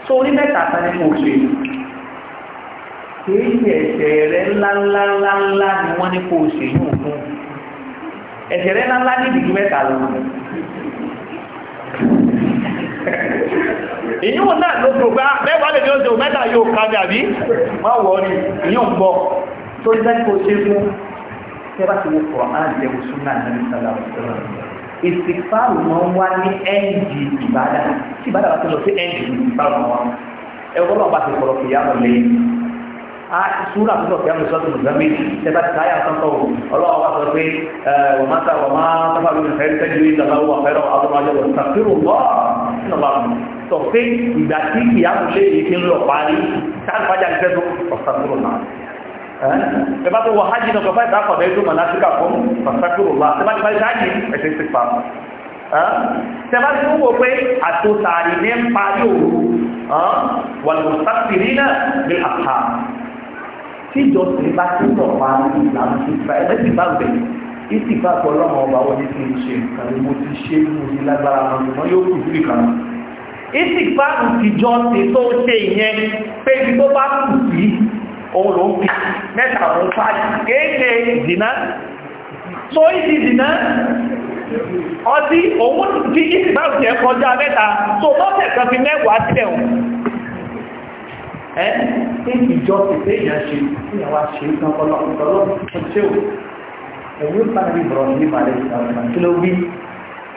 so orí mẹ́ta ta ni mo ṣe kìí ṣe ẹ̀ṣẹ̀ rẹ̀ ńláńláńláńlá ni wọ́n ní kó o ṣe yóò fún ẹ̀ṣẹ̀ rẹ̀ ńláńlá ní ìdíjú mẹ́ta lọ ìyíwò náà ló tó gbá mẹ́wàá lè ní oṣù mẹ́ta yóò ká dàbí wọ́n wọ́ ni ìyíwò ń bọ̀ tó ń sẹ́ni ṣe fún tẹ́ ti wo á jẹ́ oṣù náà ní sàlàmù ìsìkfàrù máa ń wá ní ẹ́ǹdì ìbádà tí ìbádà bá ti lọ sí ẹ́ǹdì ìsìkfàrù máa wá ẹ̀wọ́n náà bá ti kọ̀rọ̀ fìyà lọ lẹ́yìn a sùúrù àtúntò fìyà lọ sọ́dún mùsàmì tẹ́tà ti káyà sọ́tọ̀ ọlọ́wọ́ wà sọ pé wọ́n máa ta wọ́n máa tọ́fà lórí ìfẹ́ tẹ́jú ìjọba wà fẹ́ràn abọ́májọ́ sọ pé ìgbà tí tẹ́bá tó wọ hajj náà kọfà ìdáàkọ̀ bẹ́ẹ̀ tó mọ̀nàfíkà fún pàṣẹkùrù wa tẹ́bá tó bá ti hajj ẹ̀sẹ̀ ti pa tẹ́bá tó wọ pé àtòsàárì ní ń parí òru wà ló sàfìrí náà ní àpá tí ìjọsìn bá ti sọ̀ pa ìlànà ìgbà ẹlẹ́sìn bá bẹ̀ ìsì bá pọ̀ lọ́mọ ọba wọlé tí ń ṣe nǹkan ni mo ti ṣe mú ní lágbára òun ló ń bí mẹ́ta òun fàájì kéèké dìná tó ìdí dìná ọdí òun tí ìsìnbáwò jẹ́ kọjá mẹ́ta tó mọ́tẹ̀ kan fi mẹ́wàá sílẹ̀ òun ẹ́ tí ìjọ ti pé èèyàn ṣe ìyàwó ṣe ìtàn ọlọ́pùtọ́lọ́ ṣe ò ẹ̀yìn pàtàkì bọ̀rọ̀ ní ìbàlẹ̀ ìgbàlẹ̀ kí ló wí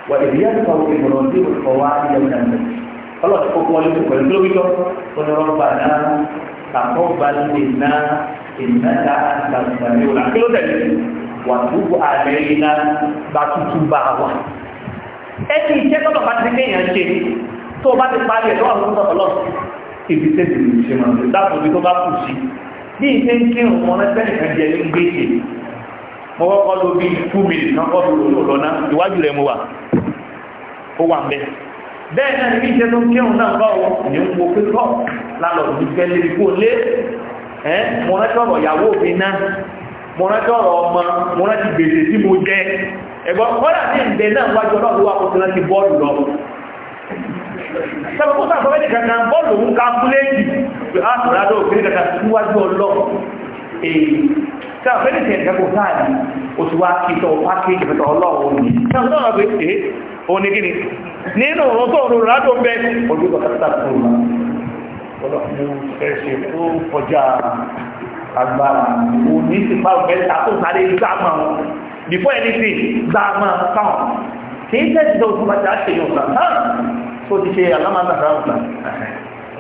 wà ìrìyà ìkọ̀ ìbọ̀rọ̀ ní ìkọ̀wá ìyàwó ìyàwó تقبل منا إنك أنت السميع العليم وتب علينا بتتوبة ẹtì iṣẹ́ tọ́lọ̀ bá ti kéèyàn ṣe tó bá ti parí ẹ̀ lọ́wọ́ fún ọ̀pọ̀lọ́ ibi tẹ́ ti ṣe máa ṣe dáàbò bí tó bá kù sí bí i ṣe ń kí òun ọ̀nà tẹ́lẹ̀ kan jẹ́ ní gbèsè mo kọ́kọ́ lo bí two minutes náà kọ́ fi òun lọ́nà ìwájú rẹ̀ mo wà ó wà ń bẹ́ẹ̀ bẹ́ẹ̀ náà ní ìṣẹ́ tó ń kírùn náà bá wọn ní ń wo pé rọ́ lálọ́ ní fẹ́lẹ́ ikú lé ẹ́ mo rántí ọ̀rọ̀ ìyàwó mi náà mo rántí ọ̀rọ̀ ọmọ mo rántí gbèsè tí mo jẹ ẹ̀gbọ́n kọ́dà ní ìgbẹ́ náà wájú ọlọ́run wà kókó láti bọ́ọ̀lù lọ sábà kó sáà sọ́wẹ́dì kankan tá a fẹ́ nìkan ìkẹ́kọ̀ọ́ káàdì o ti wá kíkọ́ wá kí ìfẹ́tọ̀ ọlọ́run ní ọlọ́run bẹ ṣe o ní gíní nínú ọ̀rọ̀ tó ọ̀rọ̀ rádó bẹ olùkọ́ kàtà fún un ọlọ́run fẹ́ ṣe tó kọjá agbára o ní ti pa ọ̀fẹ́ tako sáré gbàmà before anything gbàmà káwọn kì í tẹ́sí tó fún bàtà ṣe yóò kà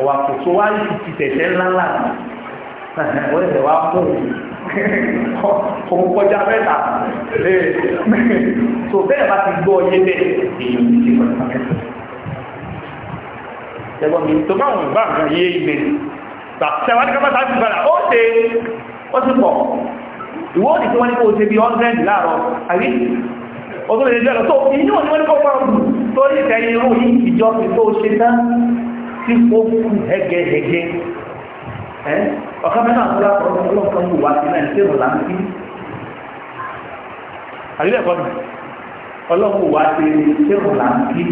ọ̀wà kò tó wá ti tẹ̀sẹ̀ ńláńlá wọ́n ṣẹ̀ wá mú òun kọjá mẹ́ta tó bẹ́ẹ̀ bá ti gbọ́ ọyẹ́ bẹ́ẹ̀ èyí ò ní ṣe kọjá mẹ́ta ẹ̀gbọ́n mi tó bá wọn bá nǹkan yé ibẹ̀ tẹ̀wá ní kápátá ti bára ó ṣe ó sì pọ̀ ìwọ́n ni tí wọ́n ní kó ṣe bí 100 láàrọ̀ àrí ọdún lè jẹ́ lọ tó inú ni wọ́n ní kó pàrọ̀ torí ìtẹ̀yìn irú yìí ìjọ fi tó ẹ́ ọ̀kan mẹ́ta àti ọ̀pọ̀ ọlọ́run kan wù wá sí náà ṣé ìrọ̀lá ń kí àríwẹ̀ ẹ̀kọ́ mi ọlọ́run wù wá sí ṣé ìrọ̀lá ń kí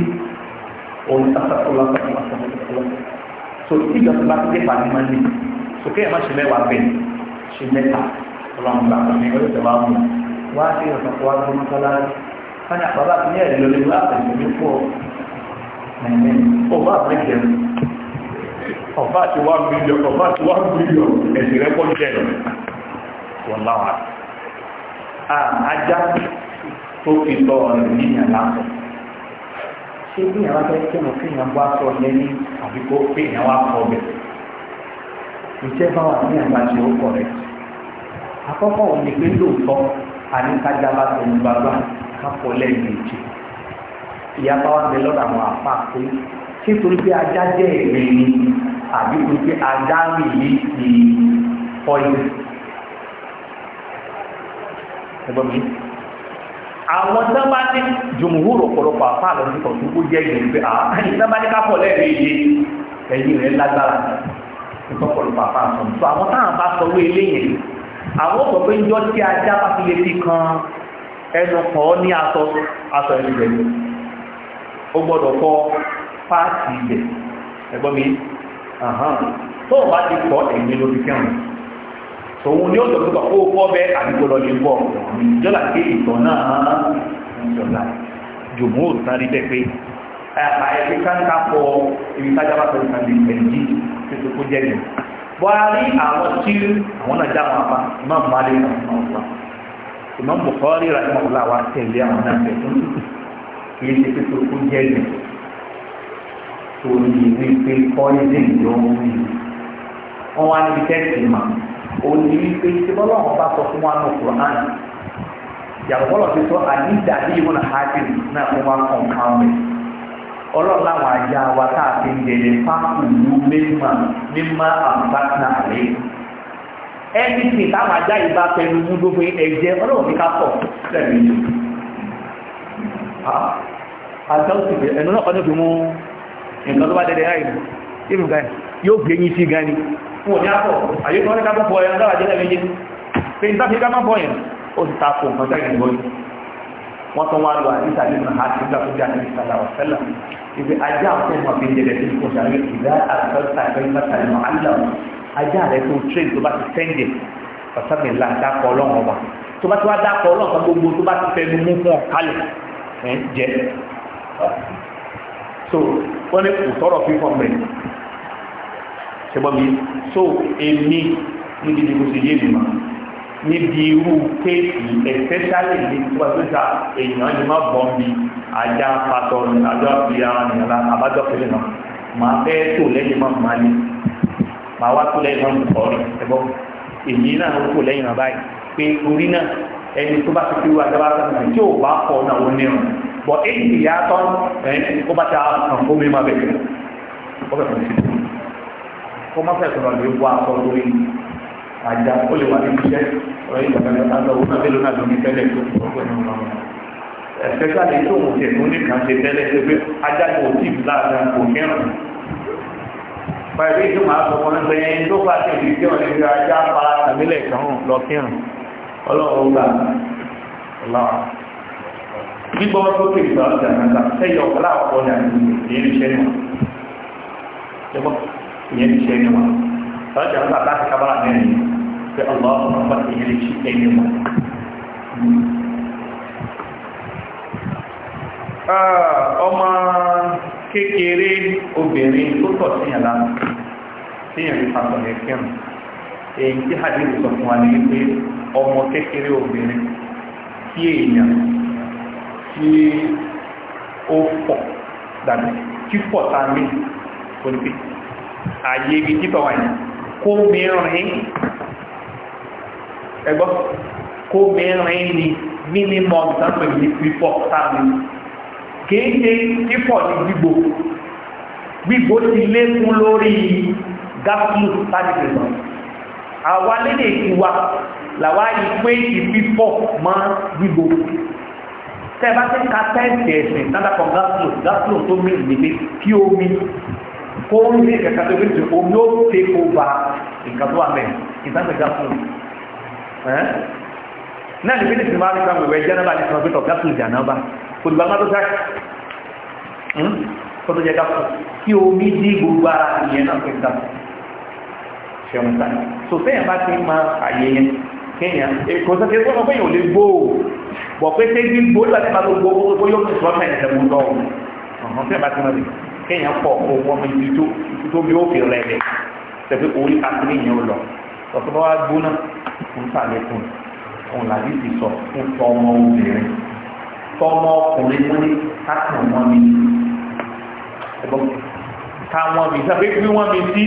òun sàkàtọ̀lá sàkàtọ̀lá so ìjọ tó bá ti dé pàdé máa ń ní sókè ẹ̀ má ṣe mẹ́wàá bẹ́ẹ̀ ṣe mẹ́ta ọlọ́run gbà pàmì ni àpá bá ti ní ẹ̀rí lórí wá pẹ̀lú ọ̀bá àti wá mílíọ̀n ọ̀bá àti wá mílíọ̀n ẹ̀sìn rẹ̀ pọ̀ jẹ́ lọ wọ́n láwọn ajá tó fi lọ ọ̀rẹ́ ní ìyàrá ṣé bí ìyàrá bẹ́ẹ̀ kí ọ̀nà kéèyàn bá sọ yẹn ní àbíkó kéèyàn wá sọ bẹ̀ ìjẹ́ bá wà ní àgbà tí ó kọ̀ rẹ̀ àkọ́kọ́ òun ni pé lóòótọ́ àníkájá bá tó àbí kò sí adáwì yìí ti poison ẹgbọ́n mi àwọn tó bá ní jòmùhúrò ọ̀pọ̀lọpọ̀ àfa àlọ́sí kan tó kó jẹ́ ìyẹn pé àárín ah, tó bá ní kápọ̀ lẹ́ẹ̀rí yìí ẹ̀yìn rẹ̀ lágbára ìtọ́pọ̀lọpọ̀ àfa àtọ̀ tó àwọn táwọn bá sọ wé eléyìn àwọn sọ pé njọ́ tí ajá bá fi lè fi kan ẹnu kọ́ ní aṣọ aṣọ ẹ̀rí rẹ̀ ó gbọ́dọ̀ kọ́ páàtì ibẹ̀ ẹgbọ́n mi tó o bá ti kọ́ ẹ̀mí lórí kẹrùn tòun ni ó sọ pé kó o kọ́ bẹ́ẹ̀ àdúgbò lọ lè bọ̀ jọ́là pé ìtọ̀ náà jọ̀là jùmọ́ ò sáré bẹ́ẹ̀ pé àyẹ̀fẹ́ káńtà pọ̀ ibi tájá bá sọ̀rọ̀ sáré ẹ̀jì tó kó jẹ́ ni buhari àwọn tí àwọn náà já wọn apá imam mali rahman allah imam bukhari torí wípé poison ló ń wí wọn wá níbi tẹ́sí mà ó ní wípé tí bọ́lá wọn bá sọ fún wa ní Qur'an yàtọ̀ bọ́lá ti sọ àdídà bí ìwọ̀n àhájì náà fún wa kàn kàn mẹ́ ọlọ́run láwọn ajá wa tá a fi ń dẹ̀lẹ̀ fáàkù ló mímọ́ mímọ́ àbúkátà rẹ̀ ẹni tí táwọn ajá yìí bá fẹ́ lu gbogbo ẹ̀jẹ̀ ọlọ́run ní ká pọ̀ lẹ́nu yìí àtọ́sí ẹnu náà kọ́ ní fi mú nǹkan tó bá dẹ̀dẹ̀ ráì nù ìrù gan yóò gbé yín sí gan ni fún òní àpọ̀ àyíkọ́ ní kápọ̀ ẹ̀rọ dáwà jẹ́lẹ̀ méje pé ní sáfíkà má bọ̀ yẹn ó ti takò nǹkan tẹ́lẹ̀ ní bọ́yì wọ́n tán wá lọ àdísà ní ìmọ̀ àti ìgbà tó jáde ìsàlà ọ̀sẹ́là ibi ajá àwọn ọmọ fi jẹ́lẹ̀ sí kò sáré ìdá àtọ́sà ìgbà ìmọ̀ àlà ajá rẹ̀ tó tré tó bá ọlọ́run ọba tó bá ti wá dákọ̀ ọlọ́run kan gbogbo tó bá ti fẹ́ mú fún ọ̀kálẹ̀ jẹ́ so wọ́n ní kò tọ́rọ̀ fífọ́ mẹ́ ṣẹgbọ́n mi so emi níbi ìdìbò sí yé mi mà níbi irú kéèkì especially ní tiwa tó ta èèyàn ni má bọ̀ mi ajá pàtó àjọ àfihà nìyànlá àbájọ pẹ̀lú náà màá fẹ́ tó lẹ́yìn má má lé màá wá tó lẹ́yìn má mú kọ́ rí ṣẹgbọ́n èmi náà ó tó lẹ́yìn náà báyìí pé orí náà ẹni tó bá ti fi wá dábàá sábà tí ò bá kọ́ náà ó ní ọ̀rọ̀ bọ̀ èyí ìyá tán ẹ̀yìn kó bá ta nǹkan omi máa bẹ̀ kó bẹ̀ fún mi kó má fẹ́ sọ̀rọ̀ lè wá aṣọ lórí àjà ó lè wà ní iṣẹ́ ọ̀rọ̀ yìí bàbá yẹn lọ wọn abẹ́lẹ́ náà lómi tẹ́lẹ̀ tó ti wọ́pọ̀ ní ọmọ ẹ̀sẹ̀kálẹ̀ tó wọ́n ti ẹ̀kún nìkan ṣe tẹ́lẹ̀ tó pé ajá kò tí ì láàdá kò pẹ̀lú ìdí máa sọ fún ẹgbẹ́ yẹn tó bá ti ìdí ọ̀nà ìgbé ajá para tàbílẹ̀ kan lọ kẹrùn ọlọ́run gbà ọlọ́run gbígbọ́ sókè ìgbà ọjà nàta sẹ́yọ láàpọ̀ ọjà ìyẹn iṣẹ́ ni wọn jẹ́bọ́ ìyẹn ni wọn ọjà nàta láti kábàrà mẹ́rin pé ọlọ́run ọba ìyẹn iṣẹ́ ni wọn. Ah, ọmọ kékeré obìnrin tó tọ̀ síyàn lánàá síyàn lè fa sọ̀rọ̀ ẹ̀kẹ́rùn èyí tí hadith sọ fún wa ní pé ọmọ kékeré obìnrin tí èèyàn tí ó pọ̀ dàbí kí pọ̀ tá ní olùgbé ààyè ibi títọ̀ wà ní kó mi rìn ẹgbọ́ kó mi rìn ní minimum sáfẹ̀ ní pípọ̀ tá ní kìí ṣe pípọ̀ ní gbígbó gbígbó ti lékún lórí gáfúlù tàbí pẹ̀lú àwa lédè tiwa làwa yìí pé ìpípọ̀ mọ́ gbígbó tẹ́ ẹ bá ti ń ka tẹ́ǹtì ẹ̀sìn dábàkọ̀ gáfúlò gáfúlò tó mí ìdílé kí omi kó ń ní kẹ̀kẹ́ tó fi tù omi ó tẹ ova nǹkan tó wà mẹ́ ìtàgbẹ̀ gáfúlò náà ní bídìsì máa ní sáwọn ìwé jẹ́nàbà ní sọ̀rọ̀ pẹ̀tọ̀ gáfúlò jànàbà kò dùgbà má tó sá kó tó jẹ gáfúlò kí omi dí gbogbo ara ìyẹn náà fi bọ̀ pé ṣé ní gbogbo láti máa gbogbo owó tó yóò fi sọ́ọ̀tà ìṣẹ̀ mú lọ òun ọ̀hún tí a bá ti mọ̀ rí kéèyàn pọ̀ owó ọmọ ibi tó tó bí ó fi rẹ̀ lẹ̀ tẹ̀pẹ́ orí àtúnyẹ̀ yẹn lọ tọ́tọ́ bá wá gbóná ń sàlékún òun làbí ti sọ fún tọmọ obìnrin tọmọ ọkùnrin mú ní kákan wọn mi káwọn mi sábẹ́ pé wọ́n mi sí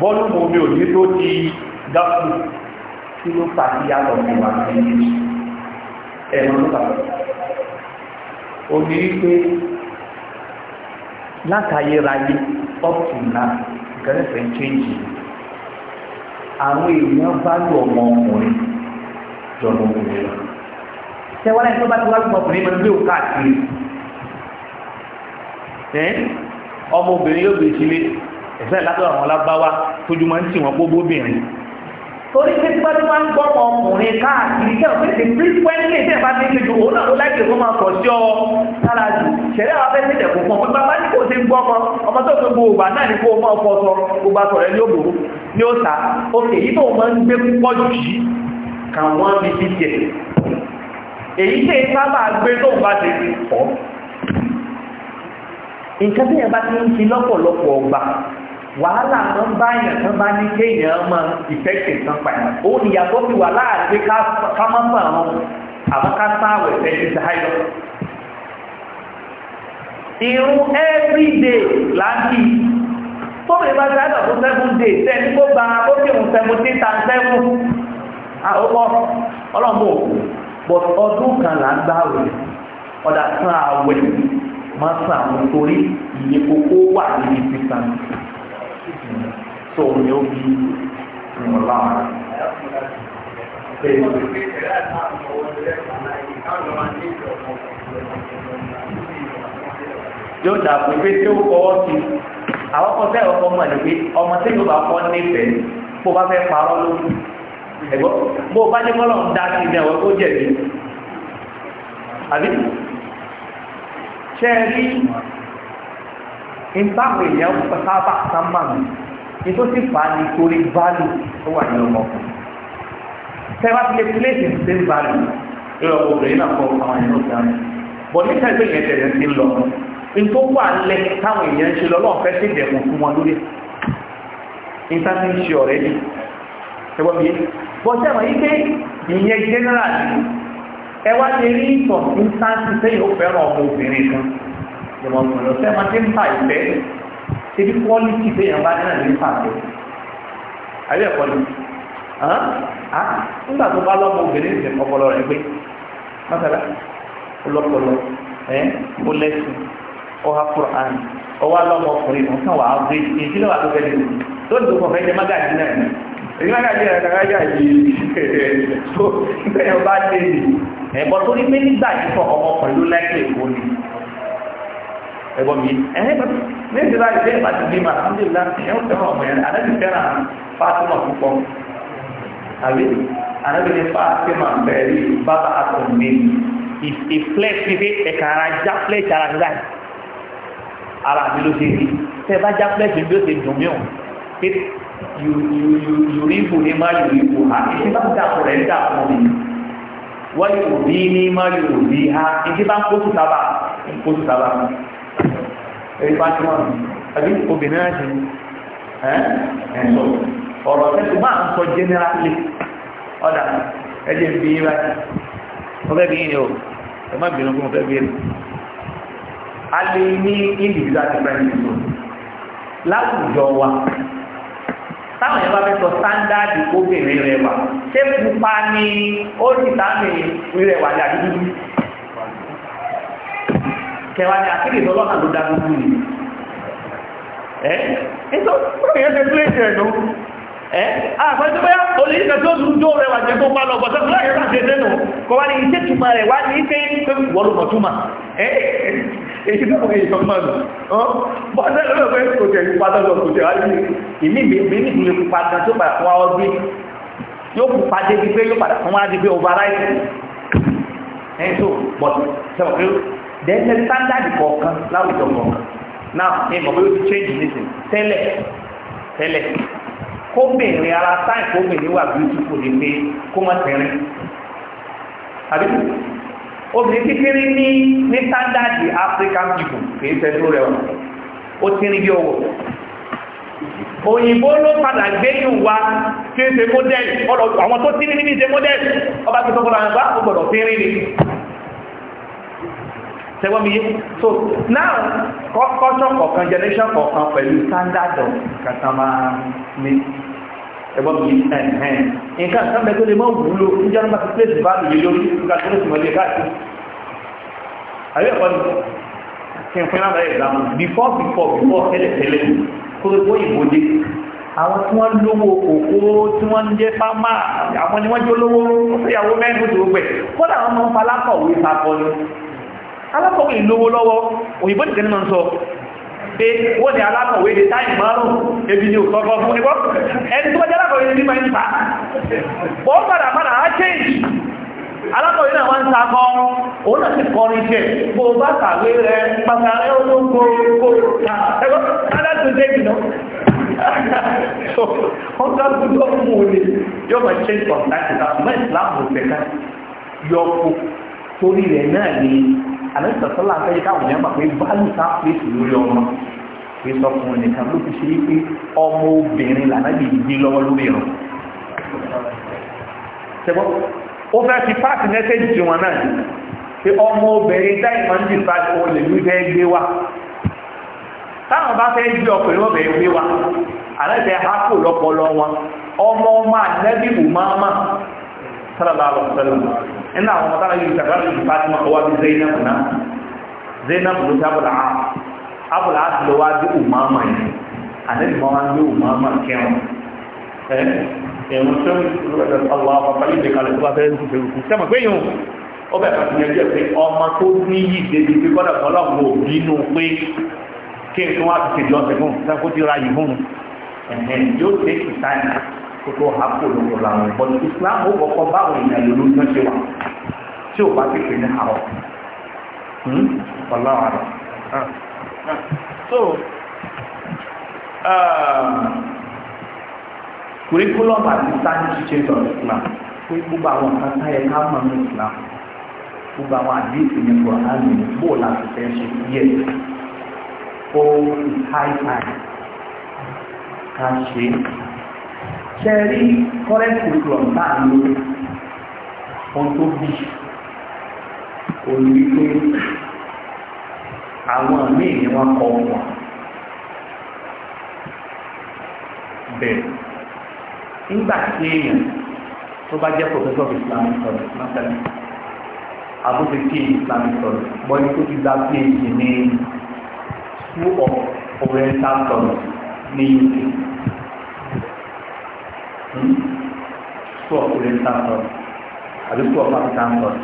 bọ́ọ̀lù mọ́ mi ò ní tó ti dákú kí ló fà yàtọ̀ sí wà ẹ̀mọ̀ nípa òní wípé látàyéráyé up to now girlfriend change àwọn èèyàn bá lù ọmọ ọkùnrin jọmọ ọkùnrin lọ tẹwàá ẹni tó bá ti wá lù ọkùnrin máa ń gbé òkà àkiri ọmọ obìnrin yóò gbé sílé ẹ̀fẹ́ látọ̀ àwọn lábáwá tójú máa ń tì wọ́n gbogbo obìnrin torí pé tí wọ́n máa ń gbọ́ ọmọ ọkùnrin káàkiri tẹ́ ọ̀pẹ́ ti frequently tẹ́ bá ti ń tẹ́jú òun náà ló láìpẹ́ fún máa pọ̀ sí ọ sára jù ṣẹ̀rẹ́ wa fẹ́ tẹ̀lẹ̀ fún ọmọ bàbá ní kò ṣe ń gbọ́ ọmọ ọmọ tó gbogbo ògbà náà ní kó o máa fọ sọ gbogbo àtọ̀ rẹ̀ ní òbò ní ó ta òkè yìí tó máa ń gbé púpọ̀ jù sí kàwọn mi ti jẹ èyí tẹ́ sábà gbé tó bá ti pọ̀ nǹkan tí yẹn bá ti ń fi lọ́pọ̀lọpọ̀ ọgbà wàhálà kan bá yàn kan bá ní kéèyàn mọ ìfẹ́kì kan pààyàn ó níyà tó fi wà láàrin ká má mọ àwọn àwọn ká sáwẹ̀ fẹ́ ti dáyọ̀ irun everyday láti tóbi bá dáyọ̀ fún seven days sẹ́ni kó gba ó fi hùn seventeen times seven àwòkọ́ ọlọ́mọ but ọdún kan là ń gbáwẹ̀ ọ̀dà san àwẹ̀ má san àwọn torí ìyẹ́kókó wà níbi sísan tó o dà pé pé tí ó kọ́wọ́ sí àwọn kan fẹ́ ọkọ mọ̀ ní pé ọmọ tí yóò bá kọ́ nífẹ̀ẹ́ kó bá fẹ́ parọ́ lójú ẹ̀gbọ́n bó o bá ní kọ́lọ̀ ń dá sí ní ẹ̀wọ̀n tó jẹ̀bi àbí ṣe rí ìbáwò èèyàn sábà sábà mi ní tó sì fà á ní torí válù tó wà nínú ọkùnrin tẹ́wá ti lè pílẹ̀tì ní same value lọ́wọ́ obìnrin náà kọ́ àwọn èèyàn ọ̀gá mi bọ̀ níta ìgbé yẹn tẹ̀lé ti lọ nítorí wọ́n wà lẹ́ táwọn èèyàn ń ṣe lọ́wọ́ fẹ́ sí ìdẹ̀kùn fún wọn lórí níta ti ń ṣe ọ̀rẹ́ ni ẹgbọ́n mi bọ̀ sí àwọn yìí ìyẹn general ẹ wá lè rí ìtàn instance sẹ́yìn ó fẹ́ràn ọmọ obìnrin kan tí wọ́n mú lọ fẹ́ máa ti ń fà ìfẹ́ ṣe bí quality fẹ́ yẹn bá ní àná nípa àfẹ́ ẹ̀kọ́ ni nígbà tó bá lọ́mọ obìnrin ìsìn ọpọlọ rẹ̀ gbé mọ́sálá ọlọ́pọlọ ẹ̀ ó lẹ́sìn ọha Quran ọwọ́ alọ́mọ ọkùnrin nǹkan wà á gbé ìdílé wà tó fẹ́ lẹ́nu tó ní tó kọ̀ ni èyí mágàjì náà kàkà yà yìí tó nígbà yẹn ẹ̀gbọ́n mi ẹ̀yìn pẹ̀lú ní ìdílá ìdí ẹ̀bá ti bí máa ní ìlà ẹ̀yìn fẹ́ràn ọmọ yẹn anábì fẹ́ràn Fátímà púpọ̀ àbí anábì ní Fátímà pẹ̀lú bàbá àtọ̀mí ìfẹ́ fífi ẹ̀ka ara já fúlẹ̀ṣì ara nígbà yìí ara mi ló ṣe rí tẹ́ bá já fúlẹ̀ṣì bí ó ṣe dùn mí ò pé yòrífù ní má yòrífù ha ìṣe bá dà fún rẹ̀ dà ẹ̀rí bá tí wọ́n àbí obìnrin náà ṣe ẹ̀ sọ ọ̀rọ̀ tẹ́sí máa ń sọ generally ọ̀dà ẹ̀jẹ̀ bí i báyìí mo fẹ́ bí i ni o ẹ má bínú fún mo fẹ́ bí i a lè ní individual difference láwùjọ wa táwọn yẹn kẹwàá ni àkíkì tó lọ́nà ló dágbó fún mi ẹ́ ètò ìyẹn tẹ pílẹ̀ ìṣẹ̀ ẹ̀nù ẹ́ àpẹẹsẹ bẹ́yà olùyíkà tó tún jó rẹwà jẹ tó pálọ bọ̀tọ́ tó láyé láti ẹ̀ṣẹ̀ nù kọ wá ní iṣẹ́ túmọ̀ rẹ̀ wá ní iṣẹ́ wọ́lùmọ̀ túmọ̀ ẹ́ èyí tó kò yẹ sọ́mọ́ nù bọ́tẹ́ lọ́pẹ́ kò tẹ̀ padà lọ kò tẹ̀ wá di pé override ẹ̀ tó bọ̀tẹ́ then the standard kọ̀ọ̀kan láwùjọ kọ̀ọ̀kan now ní ìmọ̀ bóyá ó ti change nísìn tẹ́lẹ̀ tẹ́lẹ̀ kóbìnrin ara sáì kóbìnrin wà beautiful ni pé kó mọ̀ tẹ́rin àbí obìnrin kékeré ní ní standard African people kì í tẹ́tú rẹ̀ wọ̀ ó ti rí bí ọwọ́ òyìnbó ló padà gbé ìwà tí ó ṣe mọ́dẹ́lì àwọn tó tí ní ní ṣe mọ́dẹ́lì ọba tó tọ́kọ́lá ẹgbá ó gbọ́dọ̀ fi rí ni tẹwọ́ mi so now culture kọ̀ọ̀kan generation kọ̀ọ̀kan pẹ̀lú standard of kàtàmà ní ẹgbọ́n mi yé ẹ̀hẹ́n nǹkan nǹkan bẹ́ẹ̀ tó lè mọ́ wúlò ní jẹ́ nípa place value yìí lórí nípa tó mọ́lẹ̀ káàkiri àbí ẹ̀kọ́ ni kí n fún yàrá before before before tẹ́lẹ̀tẹ́lẹ̀ kó lè wọ́n ìbò dé àwọn tí wọ́n lówó òkú tí wọ́n ń jẹ́ fámà àwọn ni wọ́n jẹ́ olówó ó sì yàwó mẹ́rin ó ti gbogbo ẹ̀ kódà ń falákọ̀wé sakọ ni alákọ̀wé ìlówó lọ́wọ́ òyìnbó nìkan ní ma ń sọ pé wọ́n ni alákọ̀wé èdè táì márùn-ún ebi ni òkọ́kọ́ fún nígbọ́ ẹni tó bá jẹ́ alákọ̀wé ní máa ń ta wọ́n padà padà á chéèjì alákọ̀wé náà wá ń sakọ́ òun náà sì kọrin jẹ́ bó bá kàwé rẹ̀ pàtà ẹ̀rọ kó ẹgbọ́ alákùn jẹ́ ìdìnà wọ́n ká gbogbo mú un ní ṣe ìtọ̀ láti ta mọ́ ìsìlámù rẹ̀ torí rẹ̀ náà ní àlẹ́sọ̀ sọ́lá fẹ́ káwọn èèyàn gbà pé báyìí ká pèsè lórí ọmọ pé sọkùnrin nìkan ló fi ṣe wípé ọmọ obìnrin lànàbì gbé lọ́wọ́ lórí ìrùn ṣẹgbọ́n ó fẹ́ fi páàkì mẹ́sẹ̀jì tí wọn náà pé ọmọ obìnrin dáìmọ̀ ń dì fàájú wọn lè lú fẹ́ gbé wa táwọn bá fẹ́ gbé ọkùnrin wọn bẹ̀rẹ̀ gbé wa àlẹ́sẹ̀ hákò lọ́pọlọ wọn ọmọ ọmọ ànẹ́bí sallallahu alaihi wasallam ina àwọn mata ayi ta gar ni Fatima ko wa bi Zainab na Zainab lu ta bula abula lo wa bi umama ni anabi ma wa bi umama kewo eh e mo so Allah wa fali de kala wa fere ku ku sama pe yun o be ka ni je pe ọmọ tó ní yi de bi pe koda Ọlọ́run o bínú pe ke tun wa ti jo se fún ta ko ti ra yi fún eh yóò take time kó tó ha kó ló lọ làwọn ìbọn islam ó kọ́kọ́ báwọn èèyàn ló lóyún ṣe wà tí ò bá ti pè ní àrọ ọlá àrọ. so ah, curriculum àti sanity change of islam pé gbogbo àwọn kan táyẹ ká mọ̀ ní islam gbogbo àwọn àdéhùn ní kòránì bó láti fẹ́ ṣe yẹ ó high time ká ṣe ṣẹ̀rí current curriculum bá a lò ohun tó bí òní pé àwọn míì ni wọ́n kọ́ wọn bẹ́ẹ̀ nígbà tí èèyàn tó bá jẹ́ professor of islamic studies mọ́tẹ́lá àbúté tí islamic studies bọ́ni tó ti gba phd ní school of oriental studies ní UK school of student council àbí school of african council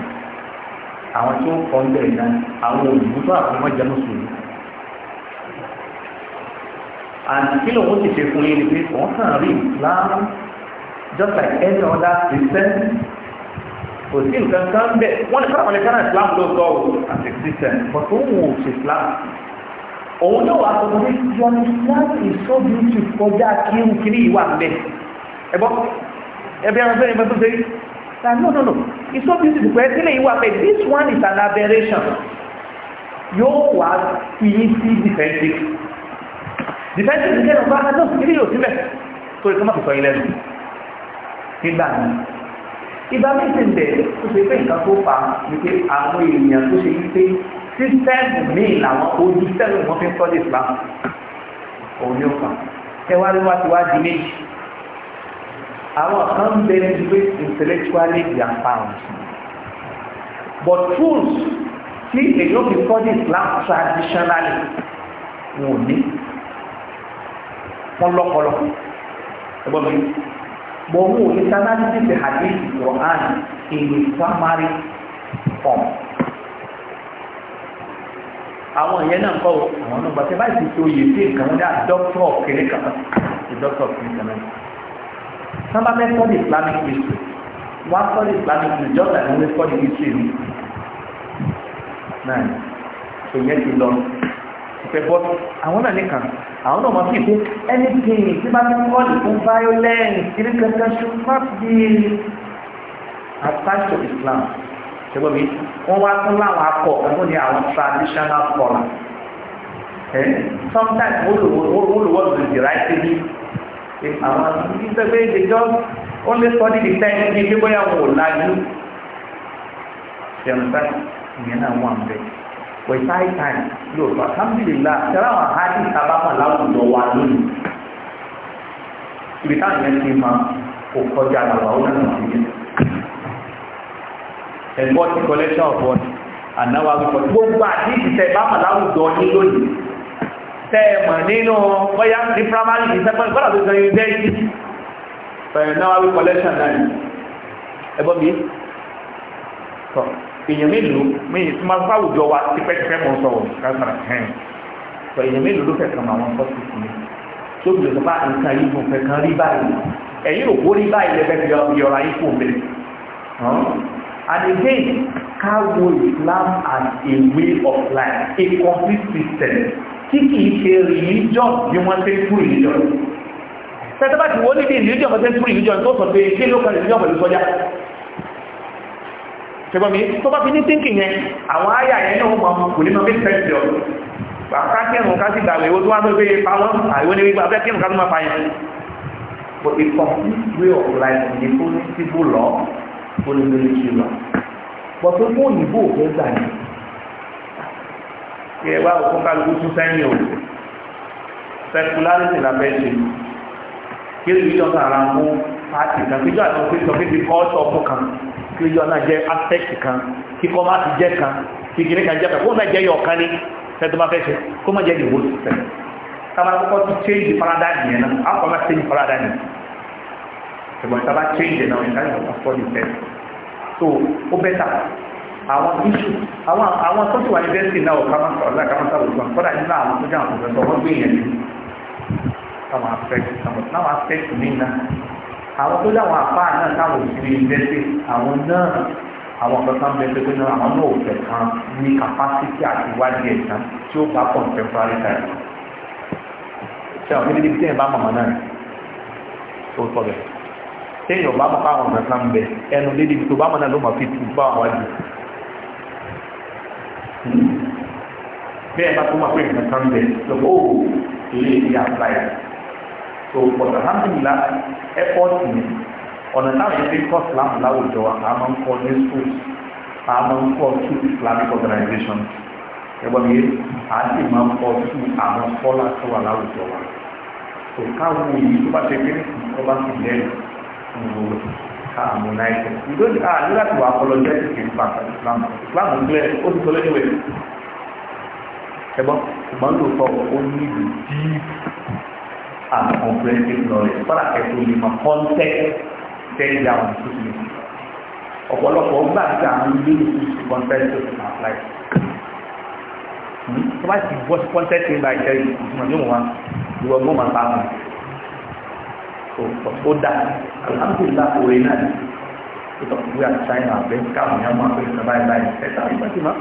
àwọn tó kọ́ ń bẹ̀rẹ̀ náà àwọn olùdókòwò àwọn ọmọdé mùsùlùmí and kí ló ń ti fún yín ni pé wọ́n kàn rí Islam just like any other Christian kò sí nǹkan kan bẹ́ẹ̀ wọ́n ní káwọn ọ̀lẹ́kára Islam ló gbọ́ ò àti Christian but òun ò ṣe Islam òun náà wà á sọ pé your Islam is so beautiful kọjá kí n kiri ìwà bẹ́ẹ̀ ẹ̀bọ́ ẹ̀bí ẹran fẹ́ ẹ̀bọ́ tó ṣe no no no it's so beautiful pé sílẹ̀ yìí wà pé this one is an aberration yóò wá fi yín sí defensive defensive ní kẹ́lọ́ bá adájọ́ ìdí yóò síbẹ̀ tó lè kọ́ má fi sọ yín lẹ́nu nígbà mi ìgbà mi ti bẹ̀ tó ṣe pé nǹkan tó fà ní pé àwọn èèyàn tó ṣe yí pé sísẹ́ẹ̀mù míì làwọn ojú sẹ́ẹ̀mù wọn fi ń tọ́jú ìsìlámù òun ni ó fà ẹ wá rí wá ti wá di méjì àwọn kan bẹ ní pé intellectually they are found but tools tí èyàn fi kọ́ ní Islam traditionally wọn ò ní wọn lọ́pọlọ ẹgbọ́n mi bọ̀ wọn ò ní sanadi ti hadith Quran in a summary form àwọn ìyẹn náà kọ́ àwọn ọ̀nà gbàtẹ́ báyìí ti tó yé sí nǹkan wọn dá ah, doctor of clinical doctor of clinical medicine sábà fẹ́ sọ́dí islamic history wọ́n á islamic history just like wọ́n sọ́dí history mi náà ìyẹn ti lọ ìfẹ́ bọ́ àwọn náà nìkan àwọn náà máa fi pé anything tí bá ti kọ́ọ̀lù fún violence kiri kankan should not be attached to islam ṣẹgbọ́n mi wọ́n wá tún láwọn akọ ọ̀gbọ́n ní àwọn traditional scholar sometimes wọ́n lò wọ́n lò wọ́n lò the right thing àwọn ìgbésẹ̀ ìjọ ó lè sọ níbi tẹ́ ní pé bóyá wò lájú ṣẹ̀ǹtà ìyẹn náà wà ń bẹ̀ wẹ̀tá ìtàn yóò fà alhamdulillah tẹ́lá àwọn àhájí sábàmà láwùjọ wa lónìí ibi táwọn yẹn ti máa kó kọjá làwà ó náà wà nílẹ̀ ẹ̀gbọ́n ti collection of what ànáwó àwùjọ gbogbo àdéhìí tẹ́ bá màláwùjọ ní lónìí tẹ́ẹ̀mọ̀ nínú bọ́yá ní primary ìsẹ́pọ̀ ìgbọ́nà tó sọ university pẹ̀lú collection náà ẹgbọ́n mi tọ́ èèyàn mélòó mi tí máa bá àwùjọ wa ti pẹ́kẹ́kẹ́ mọ̀ sọ̀rọ̀ kásìrà hẹ́n tọ́ èèyàn mélòó ló fẹ̀kàn àwọn fọ́sì sí mi tó bìrì sọ́pá nǹkan yìí fún fẹ̀kàn rí báyìí ẹ̀yìn òkú and again ká wo Islam as a way of life a complete system tí kìí ṣe rìlíjọ́ bí wọ́n tẹ́ fún rìlíjọ́ tẹ́tẹ́ bá ti wọ́n ní bí rìlíjọ́ bá tẹ́ fún rìlíjọ́ tó sọ pé ṣé ló kan rìlíjọ́ pẹ̀lú sọ́jà ṣẹgbọ́n mi tó bá fi ní tíǹkì yẹn àwọn àyà yẹn náà mọ̀ kò ní mọ̀ bí pẹ́sìọ̀ kákẹ́rùn ká sì gbàgbé owó tó wá gbé pa wọ́n àìwọ́n ní wípé abẹ́kẹ́rùn ká tó máa pa yẹn but a complete way of life ní fún civil law fún ilé ìṣúná but tó fún que ẹ wá òkú kálukú tún sẹ́yìn o secularity la fẹ́ ṣe kí religion ara mú pàtì kan kíjọ àti òfin sọ fífi kọ́ọ̀tù ọ̀pọ̀ kan kí religion náà jẹ́ aspect kan kí commerce jẹ́ kan kí kìnìún kan como kan kó náà jẹ́ yọ̀ kan ní sẹ́tọ́ bá a ṣe kó má jẹ́ ìwò sísẹ́ sábà kọ́kọ́ tún change the paradigm yẹn náà àpò máa change paradigm ṣùgbọ́n sábà change náà ìdájọ́ ọ̀pọ̀ ìfẹ́ so o bẹ́tà àwọn iṣu àwọn tó ti wà yunifásitì náà ò kámá sọ̀rọ̀ náà kámá sọ̀rọ̀ nínú àwọn tó jẹ́ àwọn pòfẹ́sọ̀ wọ́n àwọn àpá náà táwọn òsì yunifásitì àwọn náà àwọn bẹ pé náà àwọn náà ò fẹ́ kan ní capacity àti wádìí ẹ̀sán tí ó bá contemporary time ṣe àwọn ibi tí ẹ̀ bá mọ̀mọ́ náà tó tọ́ bẹ̀ mọ̀ bẹ ẹnu tó bá mọ̀ náà ló mọ̀ fi tù bẹ́ẹ̀ bá tó máa pè nǹkan kan bẹ̀ lọ́pọ̀ ó oh, ilé ìdí àpáyà tó pọ̀tà hàmìlá ẹ́pọ́ọ̀tì ni ọ̀nà táwọn ẹgbẹ́ kọ́ọ̀sì láàmù láwùjọ àmọ́ ń kọ́ ní schools àmọ́ ń kọ́ two Islamic organizations ẹgbọ́n mi à á sì máa ń kọ́ two àwọn kọ́lá tó wà láwùjọ wa kò káwọn èyí tó bá ṣe kéré kò sì lẹ́yìn ní gbogbo harmonize you don't ah you have to apologize to Islam Islam Islam ń gbẹ ó ti sọ lẹ́yìn wẹ̀ ẹgbọ́n ṣùgbọ́n tó sọ ó ní the deep and comprehensive knowledge fọ́nà kẹtù ní ma context ten down to me ọ̀pọ̀lọpọ̀ gbà tí àwọn ilé ìlú ti context to my life hmm? tó bá ti bọ́ sí context in by itself ìtumọ̀ ní òun wa ìwọ̀n gbọ́n máa bá wọn ó dà alhamdulillah orí náà ni ìtọ̀ ìwé àti china abẹ́ káwọn èèyàn máa fẹ́ ìsọ̀bá ìbá yìí ẹ̀ta ìgbà tí máa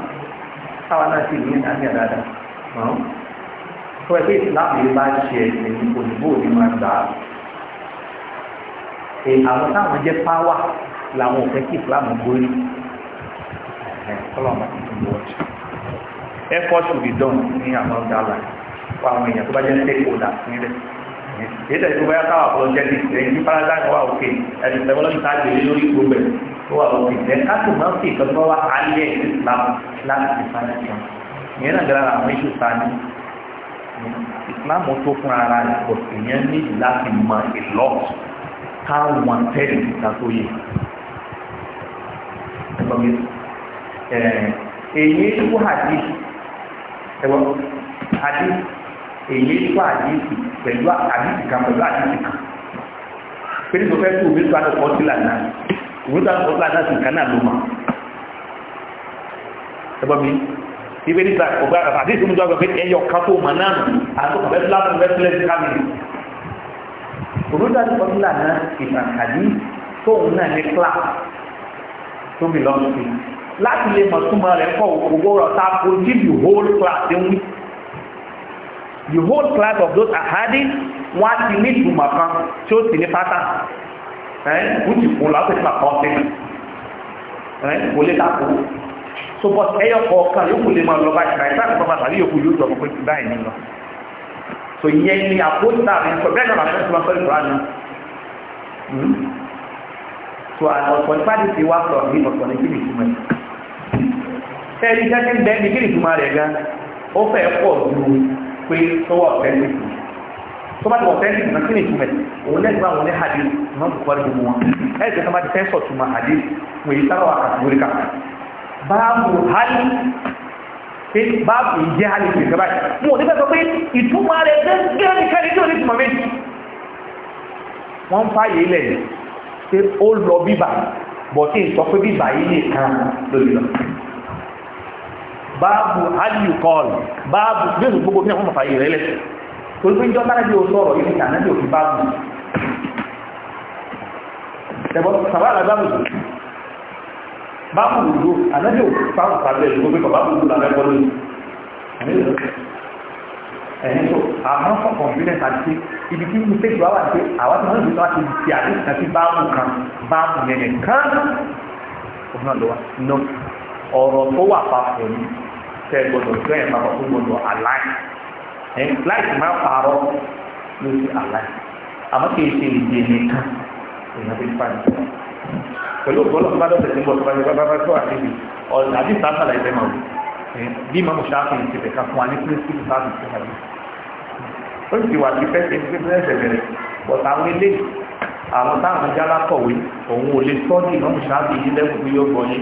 káwọn náà sì ní àmì àdáda tó ẹgbẹ́ ìsìláàmù yìí bá ṣe ẹ̀sìn òyìnbó ni máa gbà á àwọn táwọn jẹ́ páwà làwọn ò fẹ́ kí ìsìláàmù gbórí kọ́lọ́mà tuntun bọ̀ ọ́ṣù effort should be done ní àwọn ọ̀dà àlàyé fún àwọn èèyàn tó bá jẹ́ stakeholders nílẹ̀ ètò ìlú bá yàtọ̀ àwọn ọ̀jẹ̀dì ẹ̀jú paradigm wà òkè ẹ̀jú tẹ̀wọ́lọ́jì tá a gbèrè lórí gbogbo ẹ̀ tó wà òkè ẹ̀ káàtó máa ń fi ìkọ́jú wá alẹ́ Islam láti fi fáyà kan ìyẹn náà gbára àwọn iṣu sani Islam tó fún ara rẹ̀ kò sì yẹn níbi láti mọ ìlọ́ káwọn tẹ́lẹ̀ níta tó yẹ. èyí wú hadith ẹ̀wọ̀n hadith èyí tó àdìsí pẹ̀lú àdìsí kan pẹ̀lú àdìsí kan pẹ̀lú tó fẹ́ tó omi tó àdìsí kọ́sílà náà omi tó àdìsí kọ́sílà náà sì kan náà ló mọ̀ ẹgbọ́n mi ibi nígbà ọgbà àdìsí mi tó àgbà pé ẹyọ kan tó mọ̀ náà àtọ́kọ̀ bẹ́ẹ̀ lábẹ́ bẹ́ẹ̀ tilẹ̀ sí kámi omi tó àdìsí kọ́sílà náà ìtàn àdí tóun náà ní kílà tó mi lọ́ọ́ sí láti lè mọ̀ túmọ̀ rẹ̀ kọ́ òkú the whole class of those ahadi wọ́n á ti ní ìtumọ̀ kan tí ó sì ní pátá which is òun láti máa kọ́ sílẹ̀ kò lè dàpọ̀ so but ẹyọ kọ̀ọ̀kan yóò kò lè máa lọ báyìí báyìí láti bọ́ bàtà yóò kò yóò jọ pé báyìí ní lọ so ìyẹn ni àpótà mi sọ bẹ́ẹ̀ náà bàtà mi sọ máa sọ ìtura ni hmm? so ọ̀sọ̀ nípa ti ti wá sọ̀rọ̀ ní ọ̀sọ̀ ní kíni ìtumọ̀ yìí ẹ̀rí jẹ́ kí n bẹ́ẹ̀ ní kíni ìtumọ̀ rẹ̀ gan ó fẹ́ pọ̀ ju pé tọwọ́ ọ̀tẹ́lẹ̀ tó bá ti wọ̀ tẹ́lẹ̀ ìgbà kí ni ìtumẹ̀ òun lẹ́gbà wọn ní hadith ìmọ̀ bùkọ́ ní gbogbo wọn ẹ̀ẹ́dẹ̀ tó bá ti fẹ́ sọ̀tùmọ̀ hadith wọ́n yìí sára wà kàtàkùn báàbù hálì pé báàbù ìjẹ́ hálì pè sẹ́bà mú ò ní fẹ́ sọ pé ìtumọ̀ rẹ̀ gẹ́gẹ́ ní kẹ́lẹ̀ tí ò ní túnmọ̀ méjì báàbù aliyu kọ́ọ̀lù báàbù bẹ́ẹ̀ gbogbo ní ọmọ fàyè rẹ̀ lẹ̀ torí pé ìjọba náà bí o sọ̀rọ̀ yìí níta náà bí o fi báàbù ẹ̀bọ́ sàbá àlágbàmù báàbù wùdó ànábì ò fáwọn pàdé ìlú pé bàbá wùdó làbẹ́ kọ́ lórí ẹ̀yìn tó àwọn fọ́ kọ̀m̀pútẹ́ǹtì àti ibi tí mo tẹ́jú àwọn àti àwọn tí wọ́n ń gbé láti ti àti àti báàbù kan báàbù nẹ̀nẹ̀ kan òun náà ọ̀rọ̀ tó wà papọ̀ yìí tẹ gbọdọ̀ jọ ẹ̀ papọ̀ tó gbọdọ̀ aláì ẹ̀ láìsí máa pààrọ̀ ló ti aláì àmọ́ kì í ṣe ìdè nìkan èèyàn fi fa nìkan pẹ̀lú ògbọ́lọ̀ tó bá dọ̀tẹ̀ tí ń bọ̀ tó bá yẹ bá bá tó àdébì ọ̀nà àbí sáfàlà ìfẹ́ mọ̀ bí mọ̀mọ́ sáfì ti fẹ̀ ká fún wa ní pírísì sáfì ti fẹ̀ ó sì wà sí fẹ́ẹ́ ṣe pírísì bẹ̀rẹ̀ bọ̀tà àwọn ilé àwọn táwọn jálá kọ̀wé òun ò lè tọ́jú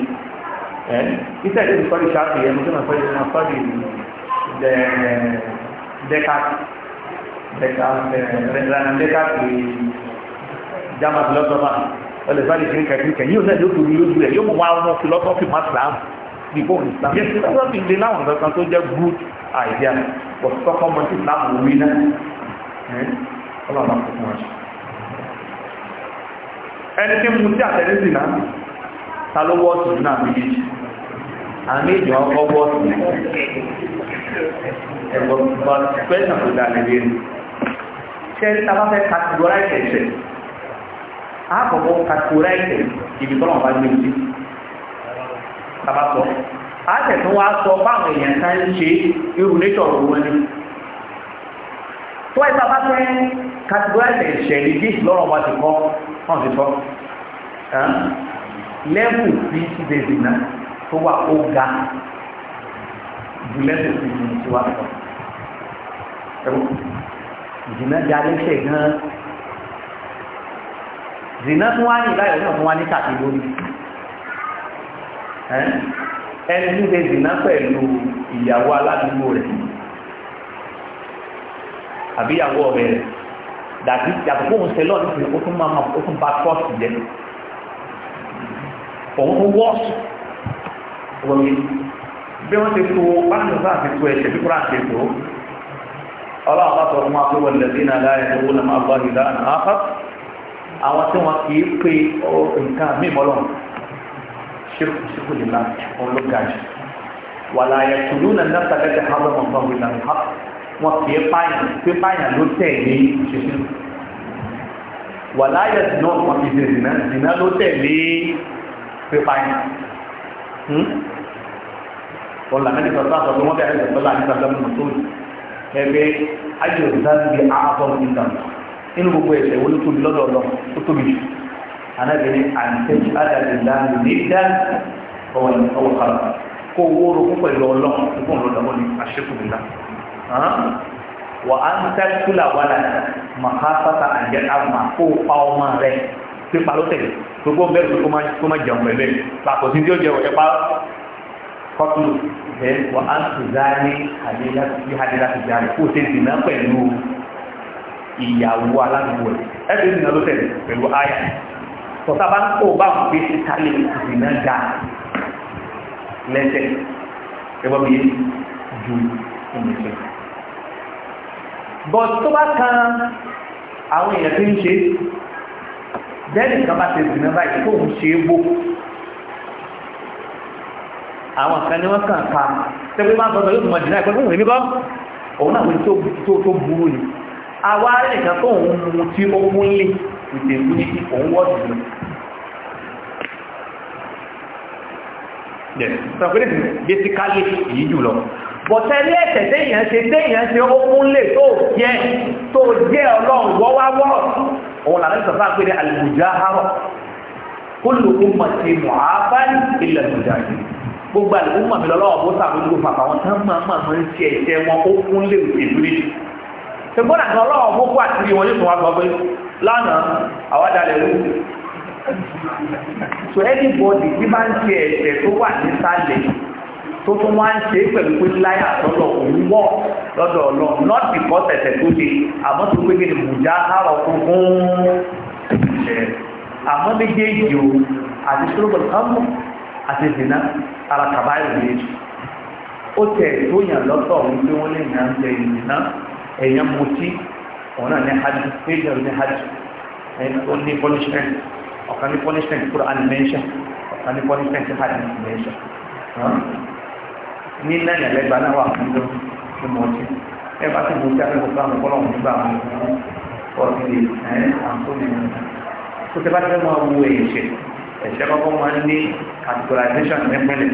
he said this is very sharply, I'm going to put it in the Descartes. Descartes, Renan Descartes is German philosopher. Well, it's very clear that you can use that to use it. You want to philosophy idea. But Stockholm is not Allah Allah so much. Ẹni tí mo ti àtẹ̀lẹ́sì náà, ta ló wọ́ọ̀tù náà méjèèjì àwọn méjì wọn kọ́ bọ́ sí ẹ̀gbọ́n bọ́ pẹ́sàn tó dà nílé nù ṣẹ́rí tá a bá fẹ́ categorize ẹ̀ṣẹ̀ a kọ́kọ́ categorize ibi tọ́lọ̀ bá gbé ojú bàbá sọ a tẹ̀sán wá sọ báwọn èèyàn ká ń ṣe irú nature ọ̀rọ̀ wọn ni tó ẹ̀ bàbá fẹ́ categorize ẹ̀ṣẹ̀ ní gíṣì lọ́rọ̀ wọn ti kọ́ wọn ti sọ lẹ́bù sí ti dèjì náà tó wà ó ga jùlẹ̀ tó fi jù sí wa sọ jìnnà di alẹ́sẹ̀ gan jìnnà tó wá ní ìbáyọ̀ náà tó wá ní kàkí lórí ẹni lè jìnnà pẹ̀lú ìyàwó aládùúgbò rẹ̀ àbí ìyàwó ọ̀rẹ́ rẹ̀ dàbí yàtọ̀ fún òun sẹlọ̀ nítorí ó tún máa ó tún bá tọ́ọ̀sì jẹ́ òun wọ́ọ̀sì wọlé bí wọ́n ti tó báńkì sáà ti tó ẹ̀ṣẹ̀ bí kúrò àti tó ọlọ́run bá sọ fún wa pé wọ́n lè dín náà láyé owó náà máa bọ́ ìlà àpá àwọn tí wọ́n kì í pé nǹkan mímọ́ lọ́wọ́ ṣírkù nílá ọlọ́gàjì wà láyé tùlú náà náà sàgẹ́gẹ́ hábọ̀ mọ̀ fún ìlà àpá wọn kì í pààyàn pé pààyàn ló tẹ̀ ní ṣíṣí wà láyé náà wọn kì í wọn làmẹ́ ní sọ́sọ́ àtọ̀ tó wọ́n bẹ̀rẹ̀ sọ́sọ́ àti sọ́sọ́ nínú tó yìí ẹgbẹ́ ayé òdìdáàbí àbọ̀ nígbà nínú gbogbo ẹ̀ṣẹ̀ wọlé tóbi lọ́dọ̀ lọ ó tóbi jù anábìrin àǹtẹ̀jú àdàdìlá nídá ọwọ́ ọwọ́ kan kó wóró púpọ̀ ìlú ọlọ́run púpọ̀ ìlú ọlọ́run ní àṣekùnrinlá wà á ń tẹ́kùlà wà láti màkàfàtà àjẹ́ àmà kó pa ọmọ rẹ̀ pípa lọ́tẹ̀ gbogbo bẹ́ẹ̀ tó má jẹun pẹ̀lú ẹ̀ kọ́tùlù ẹ̀ wà á sì záni bí hadila ti jáde kó o ṣe dìnnà pẹ̀lú ìyàwó aládùúgbò rẹ̀ ẹ̀ ṣe dìnnà ló tẹ̀lé pẹ̀lú àyà tọ́ta bá ń kó o bá ń gbé sí kálí dìnnà ga lẹ́sẹ̀ ẹ̀ wọ́n mi ju ìmìtì bọ́t tó bá kan àwọn èèyàn tí ń ṣe bẹ́ẹ̀ nìkan bá ṣe dìnnà báyìí kó o ń ṣe é bó àwọn kan ní wọ́n kàn ká tẹ́gbẹ́ máa sọ́sọ́ yóò mọ̀ dìná ẹ̀kọ́ fún ìmíkọ́ òun náà wọ́n tó burú ni àwa rẹ̀ nìkan tó òun mú tí ó mú lé ìdèmú ní òun wọ́ọ̀dù ní sọ̀pẹ́lẹ̀ basically yìí jùlọ bọ̀tẹ́lẹ̀ ẹ̀tẹ̀ téèyàn ṣe téèyàn ṣe ó mú lè tó jẹ́ tó jẹ́ ọlọ́run wọ́wáwọ́ òun gbogbo àdìgún màmí lọ́wọ́ bó sàmì gbogbo bàbá wọn tán máa máa máa ń ṣe ẹ̀ṣẹ̀ wọn ó fún lè ìdúrí ṣùgbọ́n àti ọlọ́wọ́ bó kó àtìrí wọn yóò tún wá sọ pé lánàá àwádàlẹ̀ rú so anybody tí bá ń ṣe ẹ̀ṣẹ̀ tó wà nísàlẹ̀ tó tún wá ń ṣe pẹ̀lú pé láyà sọ́lọ̀ òun wọ̀ lọ́dọ̀ ọlọ́run not because ẹ̀ṣẹ̀ tó ṣe àmọ́ tó pé kí ni mùjá àrọ̀ funfun àmọ́ méjèèjì o àti sọ́lọ́ àti ìdènà ara kàbá ìrìn ó tẹ̀ tó yàn lọ́tọ̀ òun pé wọ́n lè yàn jẹ ìrìnà ẹ̀yàn mutí òun náà ní hajj péjọ ní hajj ó ní punishment ọ̀kan ní punishment kúrò animation ọ̀kan ní punishment hajj animation ní náà ìyàlẹ́gbà náà wà fún ìjọ ní mọ̀ọ́tí ẹ bá ti mọ̀ọ́tí akẹ́kọ̀ọ́ sáà mọ̀ọ́kọ́ lọ́wọ́ nígbà wọn ọ̀gbìn ẹ̀ àǹtóni ẹ̀ tó tẹ́ bá tẹ́ máa wo ẹ̀ṣẹ́ kọ́kọ́ máa ń ní categorization nípínlẹ̀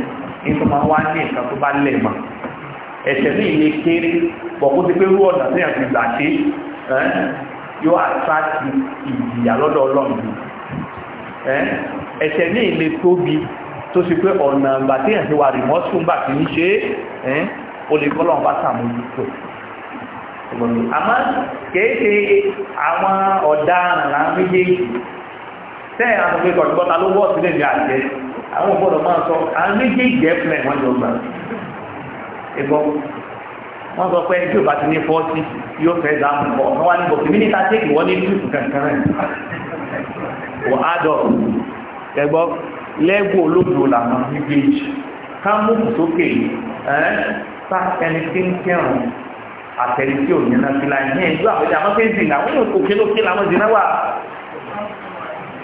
nípa máa wá ní nǹkan tó bá lẹ̀ mọ́ ẹ̀ṣẹ̀ ní ilé kéré pọ̀ kó ti pé rú ọ̀nà tí ẹ̀sìn gbà ṣe yóò attract ìjìyà lọ́dọ̀ ọlọ́run ẹ̀ṣẹ̀ ní ilé tóbi tó ṣe pé ọ̀nà àgbà tí ẹ̀sìn wà rìmọ́sùn gbà fi ń ṣe é ó lè kọ́ lọ́run bá sàmójútó àmọ́ kèéṣe àwọn ọ̀daràn méjèèjì tẹ́ ẹ̀ àwọn ọmọ ìgbọ̀ta ló wọ́ sílẹ̀ ní àjẹ́ àwọn ọgbọ́dọ̀ máa sọ àwọn méjèèjì ẹ̀ fúnlẹ̀ wọ́n jọ gbà ẹ̀gbọ́n wọ́n sọ pé ẹjọ́ bá ti ní fọ́ọ̀tì yóò fẹ́ dáàmú pọ̀ wọ́n wá ní bọ̀ kìmí níta tẹ́kì wọ́n ní túùtù kankan rẹ̀ wọ́n á dọ̀ ẹ̀gbọ́n lẹ́gbọ́ olóògbé làwọn méjèèjì ká mú sókè ẹ́ sá ẹni tí ń kẹrùn àtẹ̀lẹ́tì òyìnbó náà fi láì ní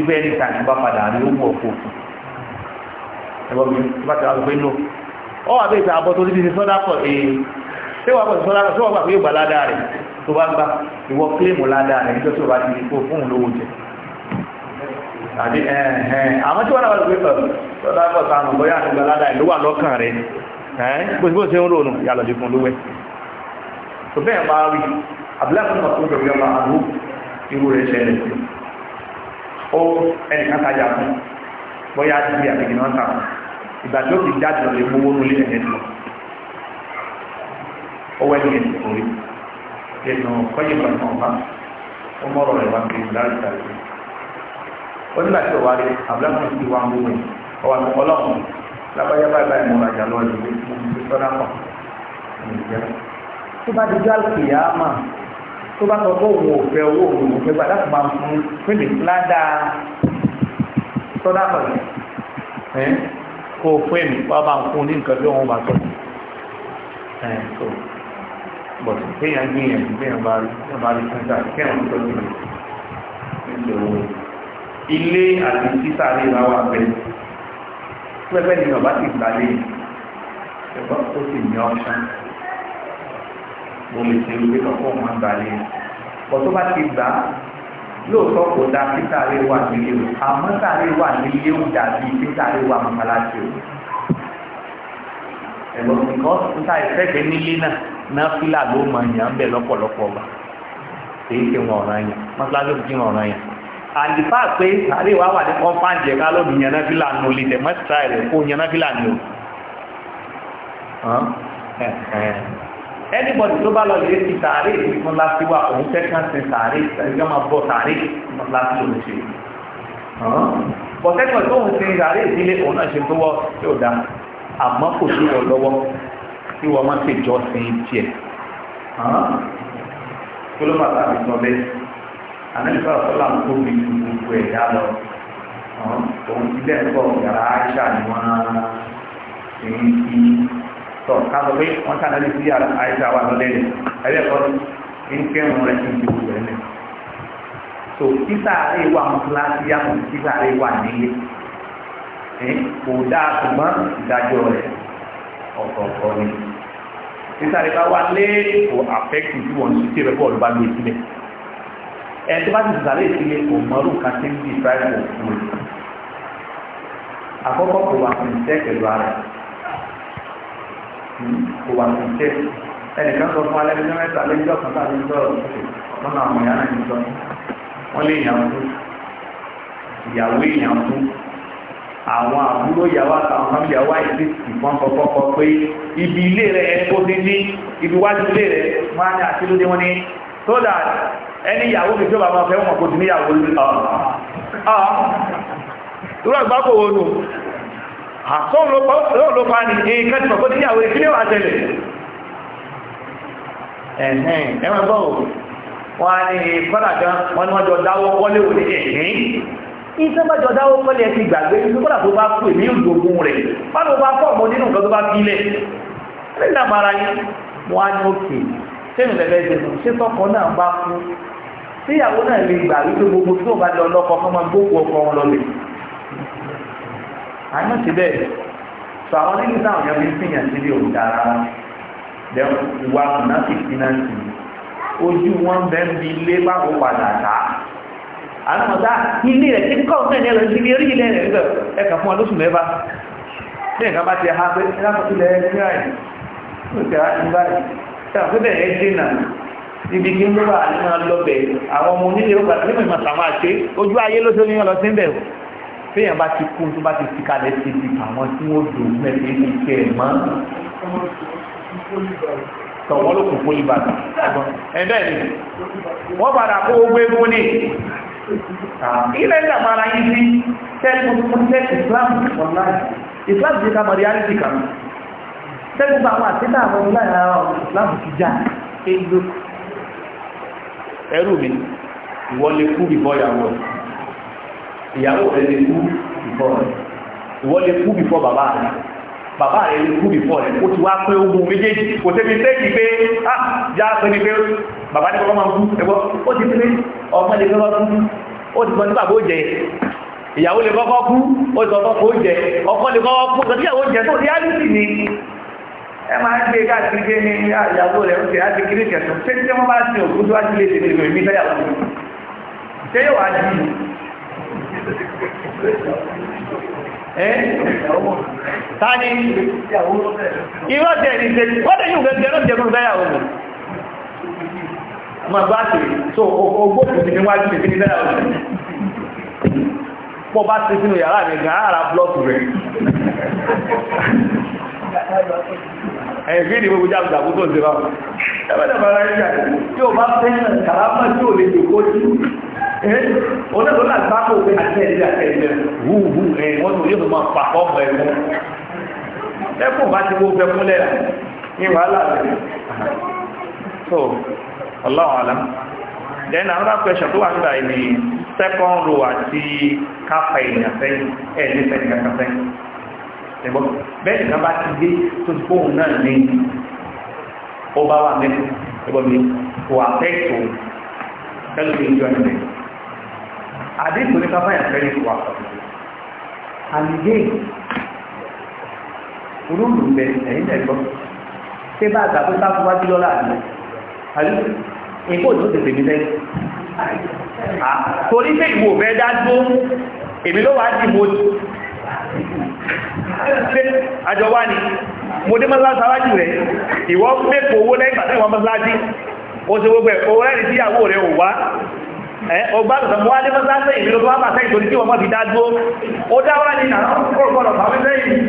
ibi ẹni ta ní bá padà rí ó mú ọkọ̀ òkú ẹgbọ́n mi bá ti wá pé nù ọ wà bẹ́ẹ̀ ìta àbọ̀ tó dídí ní sọ́dá pọ̀ èè tí wọ́n pọ̀ sọ́dá tí wọ́n gbà pé yóò gbà ládàá rẹ̀ tó bá gbà ìwọ kílèmù ládàá rẹ̀ nítorí tó bá ti kó fún òun lówó jẹ àti ẹ̀ẹ̀ẹ̀ àwọn tí wọ́n náà wà lópe pọ̀ sọ́dá pọ̀ sànù bóyá àti gbà ládàá rẹ̀ ló wà lọ́kàn rẹ̀ ẹ̀ẹ́ bó ṣe ń rònú yà lọ́dí fún lówẹ́ tó bẹ́ẹ̀ bá rí àbúlẹ̀ fún ọ̀tún ìjọba irú rẹ̀ ṣẹlẹ̀ ó ẹnìkan tajà fún bóyá ti di àgbègbè náà tàn ìgbà tí ó fi jáde lọ lè gbowó lórí ẹ̀yẹ lọ owó ẹni ẹni orí ẹnu kọ́yé ìgbàgbọ́n ọba ó mọ̀rọ̀ rẹ̀ wá pé láti tàbí ó nígbà tí ó wá rí abúláfún ti wá ń gbówó ọwà tó ọlọ́run lábáyá báyìí mo rajà lọ́ọ́ ìlú mo fi sọ́dá pọ̀ tó bá di jálùkì yá máa tó bá sọ pé òun ò fẹ́ owó òun ò fẹ́ gbà láti máa fún fílì ládà sọ́dà ẹ̀ kó o fún èmi wá máa fún ní nǹkan tí wọ́n bá sọ ẹ̀ tó bọ̀dù kéèyàn gbìyànjú kéèyàn bá rí kéèyàn bá rí kọ́ńtà kéèyàn tó ti rí nítorí ilé àti títà lè ra wà bẹ́ẹ̀ pẹ́pẹ́ ni ọ̀bá ti gbà ẹ̀kọ́ tó sì ní ọ́ṣán mo lè ṣe ìwé lọ fún ọmọ ìgbàlẹ̀ ọ̀ tó bá ti gbà á lóòótọ́ kò da títàrí wà nílé o àmọ́ tàrí wà nílé o dàbí títàrí wà mọ́mọ́láṣí o ẹ̀gbọ́n nǹkan níta ìfẹ́fẹ́ nílé náà náà fílà ló mọ̀ yàn ń bẹ̀ lọ́pọ̀lọpọ̀ ọba èyí ti wọn ọ̀ràn yàn mọ́sálásí ti wọn ọ̀ràn yàn àlìfà pé tàrí wà wà ní kọ́ńpáǹdì ẹ̀ka lóbi yàn náà fílà nù lè tẹ̀ kó yàn náà fílà nù anybody tó bá lọ lè ti sàárè ìlú mọ́sálásí wa òun fẹ́ kàn sí sàárè ìgbà máa bọ̀ sàárè mọ́sálásí lòun ṣe bọ̀tẹ́kọ̀ tó ń sin sàárè ìdílé òun náà ṣe tó wọ́ yóò dá àmọ́ kò sí wọ lọ́wọ́ tí wọ́n máa ń ṣèjọ sin tiẹ̀ tó ló bàtà mi sọ bẹ́ẹ̀ àmẹ́ríkà ọ̀sọ́là ń tóbi ju gbogbo ẹ̀dá lọ òun ti bẹ́ẹ̀ yàrá àṣà ni ń sin tọ káàtó pé wọn kà náà sí àìsà wà lọlẹ rẹ ẹbí ẹkọ ní kẹrùn rẹ kí n ti wù rẹ nẹ so títà rẹ wà mọsálásí yàtọ̀ títà rẹ wà nílé kò dáa ṣùgbọ́n ìdájọ́ rẹ ọ̀kọ̀ọ̀kọ̀ ni títà rẹ bá wà lé kò àfẹ́kì tí wọ́n ti tẹ̀rẹ̀ bọ́ọ̀lù bá gbé sílẹ̀ ẹ̀ tó bá ti sàlẹ̀ sílẹ̀ kò mọ́rù kan tí ń bí ìfẹ́ àkọ́kọ́ kò wà fún ìṣẹ́ ara kò wà ní iṣẹ́ ẹnìkan sọ fún alẹ́gbẹ́ mẹ́ta lẹ́jọ́ kan tàbí sọ̀rọ̀ ọ̀kan náà àwọn ìyá náà ń sọ wọ́n lé èèyàn fún ìyàwó èèyàn fún àwọn àbúrò ìyàwó àtàwọn fámìlì àwọ àìsí ìfọ́n kọ́kọ́kọ́ pé ibi ilé rẹ̀ kó ti ní ibi wájú ilé rẹ̀ wọ́n á ní àti wọn ni so that ẹni ìyàwó mi tó bàbá fẹ́ wọn kò ti níyàwó lórí ọ̀ọ́ àtọ́n ló pa ní nǹkan tí mọ̀kọ́ níyàwó ìfílẹ̀ wà tẹ́lẹ̀ ẹ̀hìn ẹ̀wọ̀n bọ́ wọ́n ní kọ́dàjọ́ wọ́n ni wọ́n jọ dáwọ́ kọ́lé òní ẹ̀hìn iṣẹ́ bá jọ dáwọ́ kọ́lé ẹ̀ ti gbàgbé ní kọ́dà tó bá kú èmi ògbógun rẹ̀ fáwọn ọba pọ̀ mọ́ nínú nǹkan tó bá bílẹ̀ nígbà mara yín wọ́n á ní òkè sẹ́mi lẹ́fẹ́ jẹun ṣé tọkọ náà bá kú síyàwó náà lè gbà wípé gbogbo tí ò bá lọ lọ́kọ fọ́mọ gbogbo ọkọ wọn lọ lè àìmọ̀ sí bẹ́ẹ̀ sọ àwọn nígbà táwọn yẹn fi ń pìyàn síbi òǹdàrà ìwà mùnáfì fínàǹsì ojú wọn bẹ́ẹ̀ ń bi ilé báwo padà ta àwọn ọ̀tá ilé rẹ̀ tí kọ́ náà ní ẹ̀rọ ìsinmi orí ilẹ̀ rẹ̀ nígbà ẹ̀kà fún ọlọ́sù mẹ́fà ní ẹ̀kà bá ti ha pé lápapílẹ̀ ẹgbẹ́ráì ní ìtẹ̀rà ní báyìí tàbílẹ̀ ẹgbẹ́nà ibi kí ń lọ́wọ́ àníwọ̀n lọ́bẹ̀ àwọn ọmọ onílé ó gbà téèyàn bá ti kú tó bá ti fi kalẹ̀ ti di àwọn tí wọ́n dùn mẹ́fẹ́ ní kẹ́ ẹ̀ mọ́. tọ̀wọ́ ló kò pólí bàtà ẹ̀bẹ́ ni wọ́n padà kó ogbé fún ní ilẹ̀ ìdàmọ́ ara yìí sí tẹ́lifọ̀tẹ́ Islam online Islam ti ká mọ̀ reality kan tẹ́lifọ̀ àwọn àtẹ́tà àwọn online ara Islam ti já ẹ̀rù mi ìwọlé kú ìbọ̀yàwó ìyàwó rẹ lè kú before rẹ ìwọ lè kú before bàbá rẹ bàbá rẹ lè kú before rẹ ó ti wá pé ogun méjèèjì kò tẹ́bi tẹ́kì pé á já pé ni pé bàbá ní kọ́kọ́ máa kú ẹ̀gbọ́ ó ti pé ọmọ lè kọ́kọ́ kú ó ti sọ ní bàbá ó jẹ ìyàwó lè kọ́kọ́ kú ó ti sọ fọ́kọ́ ó jẹ ọkọ lè kọ́kọ́ kú ìyàwó jẹ tó ti á lùsì ni ẹ máa ń gbé káàkiri gbé ní ah, ìyàwó rẹ̀ oúnjẹ láti kiri kẹsàn-án ṣé tí wọ́n bá sin òkú tó wá sí ilé ìdílé ìgbìmọ̀ ìmí fẹ́yàwó ṣé yóò wá di tani irọ́ jẹ́ ìrìnṣẹ́ wọ́n tẹ́ yíò gẹ́gẹ́ ló jẹ́ fún ìgbáyàwó rẹ̀ ma bá ṣe tó ogbó òfin níwájú ìfin ìgbáyàwó rẹ̀ pọ̀ bá ṣe sínú yàrá rẹ̀ gan-an ara blọ́ọ̀kù rẹ̀ ẹ̀gbẹ́ ni gbogbo jáde àbútó ń sèwà ẹgbẹ́ta bàrá ẹ̀yà yóò bá fẹ́yìn kàrámà tí ò lè dòkó jù onígbọ́n náà bá kó pé àtẹ̀lẹ́ àtẹ̀lẹ́ wúwú ẹ̀ wọ́n tó yóò máa pa ọmọ ẹ̀ mú ẹkùn so Allah alam then another question tó wà nígbà ìní second row àti káfà èèyàn sẹ́yìn ẹ̀ ní sẹ́yìn kàkà sẹ́yìn ẹ̀gbọ́n bẹ́ẹ̀ nìkan bá ti dé tó ti kóhun náà ní ó bá wà mẹ́tò ẹ̀gbọ́n mi kò àfẹ́ẹ̀tò tẹ́lú mi jọ ẹ̀mẹ́ àdéhùn ní káfáyà fẹ́ẹ́ kò àfẹ́ẹ̀tò àlùdé olóòlù bẹ ẹ̀yìn ẹ̀gbọ́n ṣé bá àgbà tó bá fún wájú lọ́la àdúgbò àlù ìkó ìlú tètè mi lẹ́yìn torí pé ìwò bẹ́ẹ̀ dá èmi ló wá dìbò àjọ wá ní mo dé mọ́sálásí alájù rẹ̀ ìwọ mẹ́kọ̀ owó lẹ́yìn pàtẹ́ ìwọ mọ́sálásí ó ṣe gbogbo ẹ̀ owó rẹ̀ sí àwọ̀ rẹ̀ ò wá ọgbà tọ̀tọ̀ mọ́ wá dé mọ́sálásí ìlú tó wá pàtẹ́ ìtòrí kí wọ́n mọ́ fi dá dúró ó dá wá ní àwọn kọ̀ọ̀kọ̀ọ̀ tàbí lẹ́yìn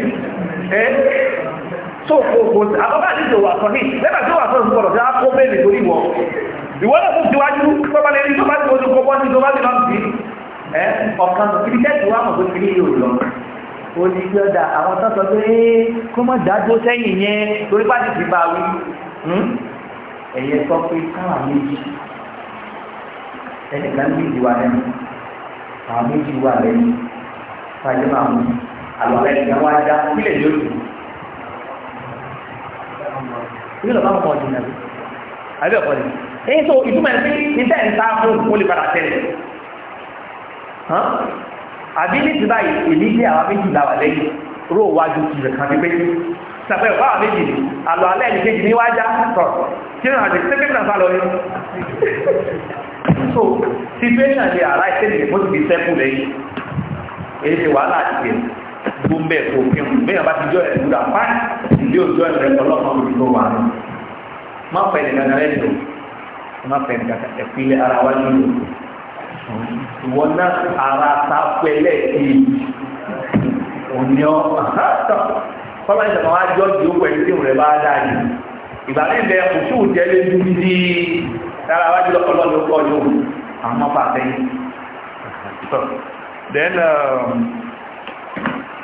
so kò àbábá àti ìjọ wà sọ ní lẹ́gbà tí ó wà sọ ní ọ̀rọ̀ tí a tó kọ́ bọ́ sí tó bá ti lọ sí ọ̀kan ìdíjẹ́ ìwà mọ̀ tó ti ní lọ olùdíje ọ̀dà àwọn tó sọ pé kó mọ̀ dádó sẹ́yìn yẹn torí pàtì ti bá wí hmm? ẹ̀yẹ sọ pé káwọn méjì ẹnìkan méjì wà lẹ́nu àwọn méjì wà lẹ́nu fàjẹ́ máa mú àlọ́ ẹnìkan wá dá kílẹ̀ yóò lù ní lọ́ba mọ̀ ọ̀dùn náà àbí ọ̀pọ̀ ni èyí tó ìtumọ̀ ẹ̀ pé iṣẹ́ ìta fún olùpadà tẹ̀lé àbí ní ti báyìí èmi ní àwọn méjì làwà lẹ́yìn ró wájú ti rẹ̀ kan pípé sàpẹ́ ọ̀pá àwọn méjì àlọ́ alẹ́ ní kejì ní wájá sọ̀rọ̀ tí wọ́n àti sẹ́pẹ́ náà bá lọ ní so situation lè àrá ìṣẹ́lẹ̀ mo ti fi sẹ́kù lẹ́yìn èyí ti wàhálà àti ìgbẹ́ gbogbo bẹ́ẹ̀ kò fi hàn bẹ́ẹ̀ bá ti jọ ẹ̀rù rà pa ìdí òjò ẹ̀rẹ̀ ọlọ́pàá òbí tó wà ní. má pẹ̀lú gàgàrẹ́ lò má pẹ̀lú gàgàrẹ́ ìwọ náà ara ta pẹlẹ ti òní ọ fọlá ìjọba wa jọ ju owó ẹni tí òun rẹ bá dáa jù ìgbà mi bẹ kùtù tẹ́lẹ̀ dúdú sí dára wájú lọpọlọ ló kọ yóò àwọn ọba then um,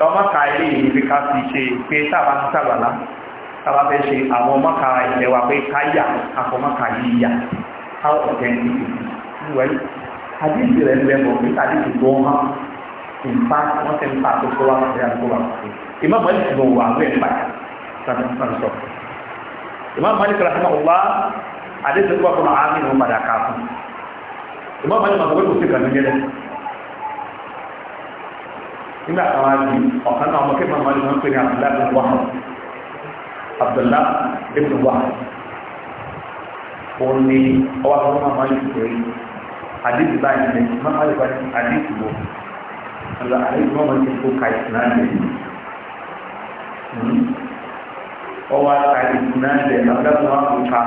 ọmọ kàìlì ìfi ká fi ṣe pé sábà ń sàgbàlá sábà fẹ́ ṣe àwọn ọmọ kàìlì ẹwà pé káyà àfọmọ kàìlì yà how authentic is it àdìsí rẹ̀ ń bẹ̀ bọ̀ pé àdìsí tó ń hàn nípa wọ́n ti ń pa àkókò wa àti àkókò wa ìmọ̀ bọ̀ ní ìmọ̀ wà wẹ̀ pa sọ. ìmọ̀ bọ̀ ní kìlásí náà wà àdìsí tó wà fún àmì ìmọ̀ padà ká fún ìmọ̀ bọ̀ ní màtọ́ pé kò sí kàmí yẹn nígbà táwọn àjì ọ̀kan náà ọmọ kéèmọ̀ máa ń pè ní Abdullahi ibn Wahab Abdullahi ibn Wahab òun ni ọwọ́ àwọn ọmọ máa ń pè àdéhùn báyìí ní máa máa lè bá ti àdéhùn lọ ọ̀la àdéhùn náà máa ti kó ka ìsìnàlẹ̀ ọwọ́ àta ìsìnàlẹ̀ ọ̀dàpọ̀ wọn kò ka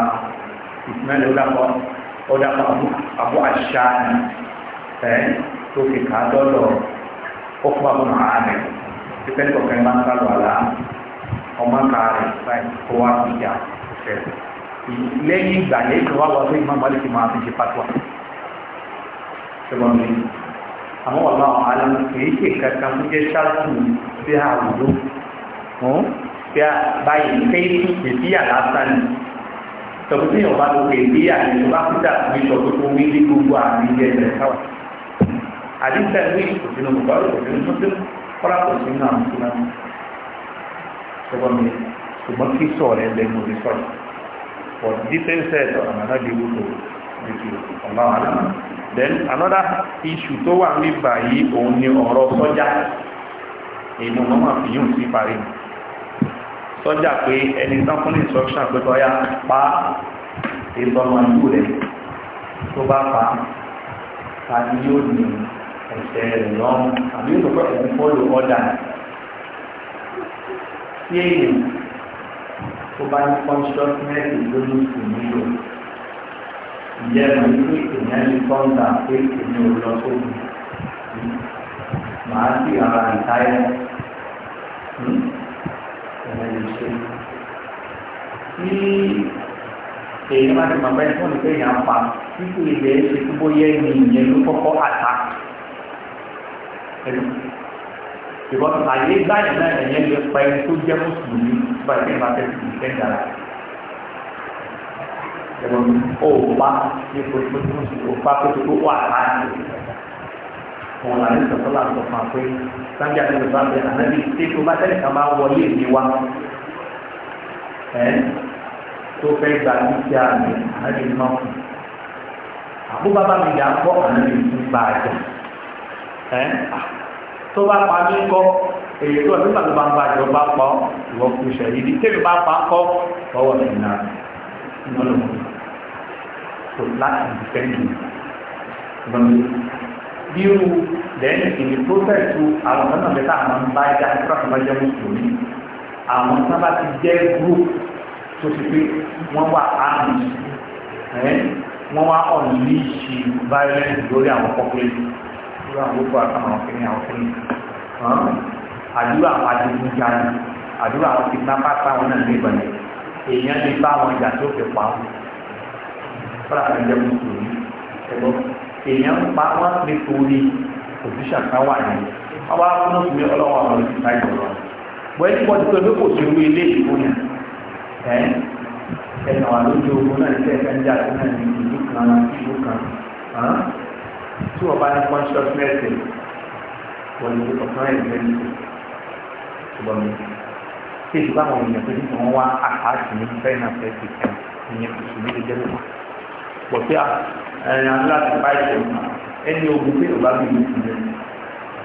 ìsìnàlẹ̀ ọ̀dàpọ̀ ọ̀dàpọ̀ àbọ̀ àṣà ẹ̀ tó fi kà á dọ́dọ̀ ọkọ̀ àbọ̀ màá rẹ̀ pípẹ́ kọ̀ọ̀kan máa ń sálọ̀ àlá ọmọ ká rẹ̀ báyìí kó wá ìjà ọ̀sẹ̀ lẹ́yìn ìgbà yẹn kí wọ́n wá pé ìmọ̀ àmọ́lẹ́kì máa fi ṣe pátá ṣùgbọ́n mi àwọn ọ̀la àwọn àlọ́ kìí ṣe kankan tó jẹ́ ṣáàtù sí àwùjọ bí a báyìí kéèkì ìbíyà lásán ni tọ́kù tí yọ̀ọ̀bá ló pè bí àyè bá kúta ní sọ̀tún fún mi ní gbogbo àmì ilé ẹ̀rẹ̀ káwà àdìsẹ́ ní òsínú bùbárò òsínú tuntun kọ́lá kò sínú àwọn tó náà ṣùgbọ́n mi ṣùgbọ́n kí sọ̀rọ̀ ẹ lẹ́nu rí sọ̀rọ̀ but different set of another day wúlò ọ̀nà àlẹ́ then another issue tó wà ní báyìí òun ni ọ̀rọ̀ sọ́jà èmi wọn máa fi yún sí parí sọ́jà pé ẹni tán fún instruction pé tó yá pa ètò ọmọ ìlú rẹ̀ tó bá pa ta ni yóò ní ẹsẹ̀ rẹ̀ lọ́rùn àbí yóò tọ́pẹ́ òun fọ́lù ọ̀dà sí èyí tó bá ní consciousness lórí ìlú rẹ̀ ìyẹn mi ní ìyẹn ní kọ́ńtà pé èmi ò lọ sóògùn màá sì ara ìtayẹ ẹ̀rẹ́ lè ṣe. tí èyí máa ti màmá ẹ̀fọ́ nípa èèyàn pa títí ilẹ̀ ṣe tó bóyá ẹni ìyẹn ló kọ́kọ́ àtà ẹnu. ìbọn àyè báyìí náà ẹ̀yẹn lè pa ẹni tó jẹ́ mùsùlùmí bá ẹ̀fẹ́ máa fẹ́ sí ìfẹ́ dára ẹ̀rọ òpá ní pòtòkòtò òpá pòtòkòtò wà láàyè òun làní sọ̀tọ́ là ń sọ fún wa pé sáńjà ní ìlú bàbá ànábì tí tó bá tẹ́lẹ̀ kan máa wọlé èmi wa ẹ̀ tó fẹ́ gba dúkìá mi ànábì náà kù àbúrò bàbá mi yà kọ́ ànábì tún bá a jẹ tó bá pa mí kọ́ èyí tó ọdún bàbá bá ń pọ̀ ìwọ́n kù sẹ̀yìn tẹ́lẹ̀ bá pa kọ́ ọwọ́ mi náà lọ́lọ́mọ tó láti dìfẹ́ǹdì lọ́lọ́mọ bí o lẹ́yìn ìdí prófẹ́tù àwọn ọ̀nà mẹ́ta àwọn ń bá ẹja fúlàfún bá jẹ́ mùsùlùmí àwọn sábà ti jẹ́ group tó ti pé wọ́n wà áàmì wọ́n wá ọ̀nà ní ìṣì violence lórí àwọn population lórí àwọn gbogbo àtàwọn ọ̀kẹ́ni àwọn ọ̀kẹ́ni àdúrà àwọn adigunjalè àdúrà àwọn kidnapper táwọn náà ní ìbàdàn èèyàn lè bá àwọn ìjà tó fi pa wọn fúlà kan jẹ mùsùlùmí ẹgbọ èèyàn ń pa wọn nítorí òṣìṣà kan wà ní wọn bá fún mùsùlùmí ọlọ́wọ́ àwọn òṣìṣà ìjọba bọ́ẹ̀ ní pọ́ọ̀tù tó ló kò sí owó ilé ìfúnyà ẹ̀ ẹ̀nà wà lójú ogun náà ṣe ẹ̀ka ń jà sí náà ní ìlú kan ìlú kan tí wọ́n bá ní consciousness wọ́n ní ọ̀kan ẹ̀gbẹ́ ní ṣùgbọ́n mi tí èṣù báwọn èèyàn tó nípa wọn wá àkáàtì ní fẹ́ẹ́ náà fẹ́ẹ́ ti kàn ìyẹn kò sí nílé jẹ́rù wọn. pọ̀ sí ẹ̀yìn aláàtì báyìí ẹni ogun pé ọba mi ló ti lẹ́nu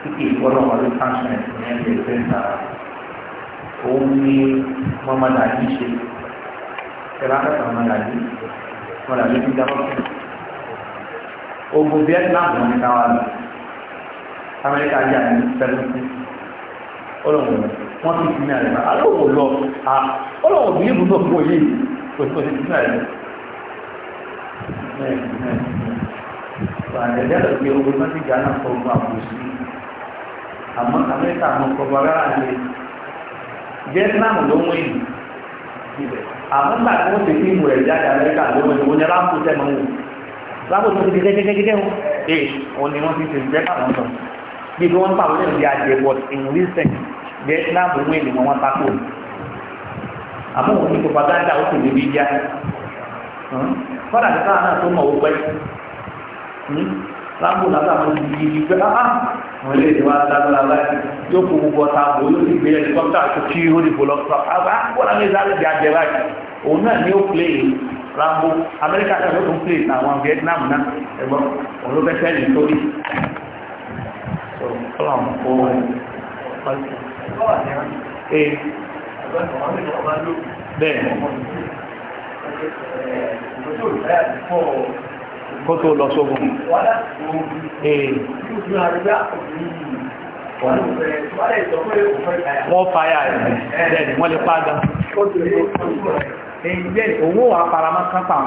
tí kì í fọ́nà wà ló sáńsán ẹ̀sìn ní ẹgbẹ́ ìfẹ́ ń tara òun ni Muhammad Ali ṣe ẹ̀rọ akẹ́kọ̀ọ́ Muhammad Ali Muhammad Ali ti dáwọ́ fún ogun Vietnam wọn ni káwá lọ Amẹ́ríkà yà ní sẹ́lẹ̀sì ọlọ́run wọ́n ti fi náà rẹ̀ máa alóòwò lọ ọlọ́run bí ibùdó fún òye òṣìṣẹ́ ti náà rẹ̀ Bàdẹ̀dẹ́ lọ́gbé ogun náà ti gà náà sọ ogun àpòsí. Àmọ́ Amẹ́ríkà àwọn ọkọ̀ agbára ṣe Vietnam ló ń wéyìn níbẹ̀. Àmọ́ nígbà tí wọ́n ti fi ìmù rẹ̀ jáde Amẹ́ríkà ló ń wéyìn, wọ́n ní aláǹkó tẹ̀ mọ́ wò. Lábòtú ti di kẹ́kẹ́kẹ́kẹ́ wọn. Ee, wọ́n ti ṣe ìjẹ́ bí bí wọ́n ń pàwọn ẹ̀rọ bí adìẹ but in recent Vietnam wọ́n èlò wọn wọn tako àmọ́ wọn ní propaganda ó sì lè bí díá hmm? kọ́dà tí káwọn náà tó mọ̀ ó pẹ́ hmm? láàbù làbà wọn ti yí ibi pé áá ah, ah. wọn lè ní wá lágbára báyìí yóò kó gbogbo ọta bò yóò sì gbé ẹlikọ́pítà tó kí ó lè bò lọ sọ wọn làwọn ẹ̀dá lè bí adìẹ báyìí òun náà ni ó play Rambo Amẹ́ríkà kan ló tún play àwọn Vietnam náà ẹ̀gbọ́n òun ló fẹ́ fẹ́ lè sórí so ọlọ́run kó wọn bẹ́ẹ̀ kó tó lọ sógun wọ́n fàyà rẹ̀ bẹ́ẹ̀ wọ́n lè pàdán owó àparamá kápá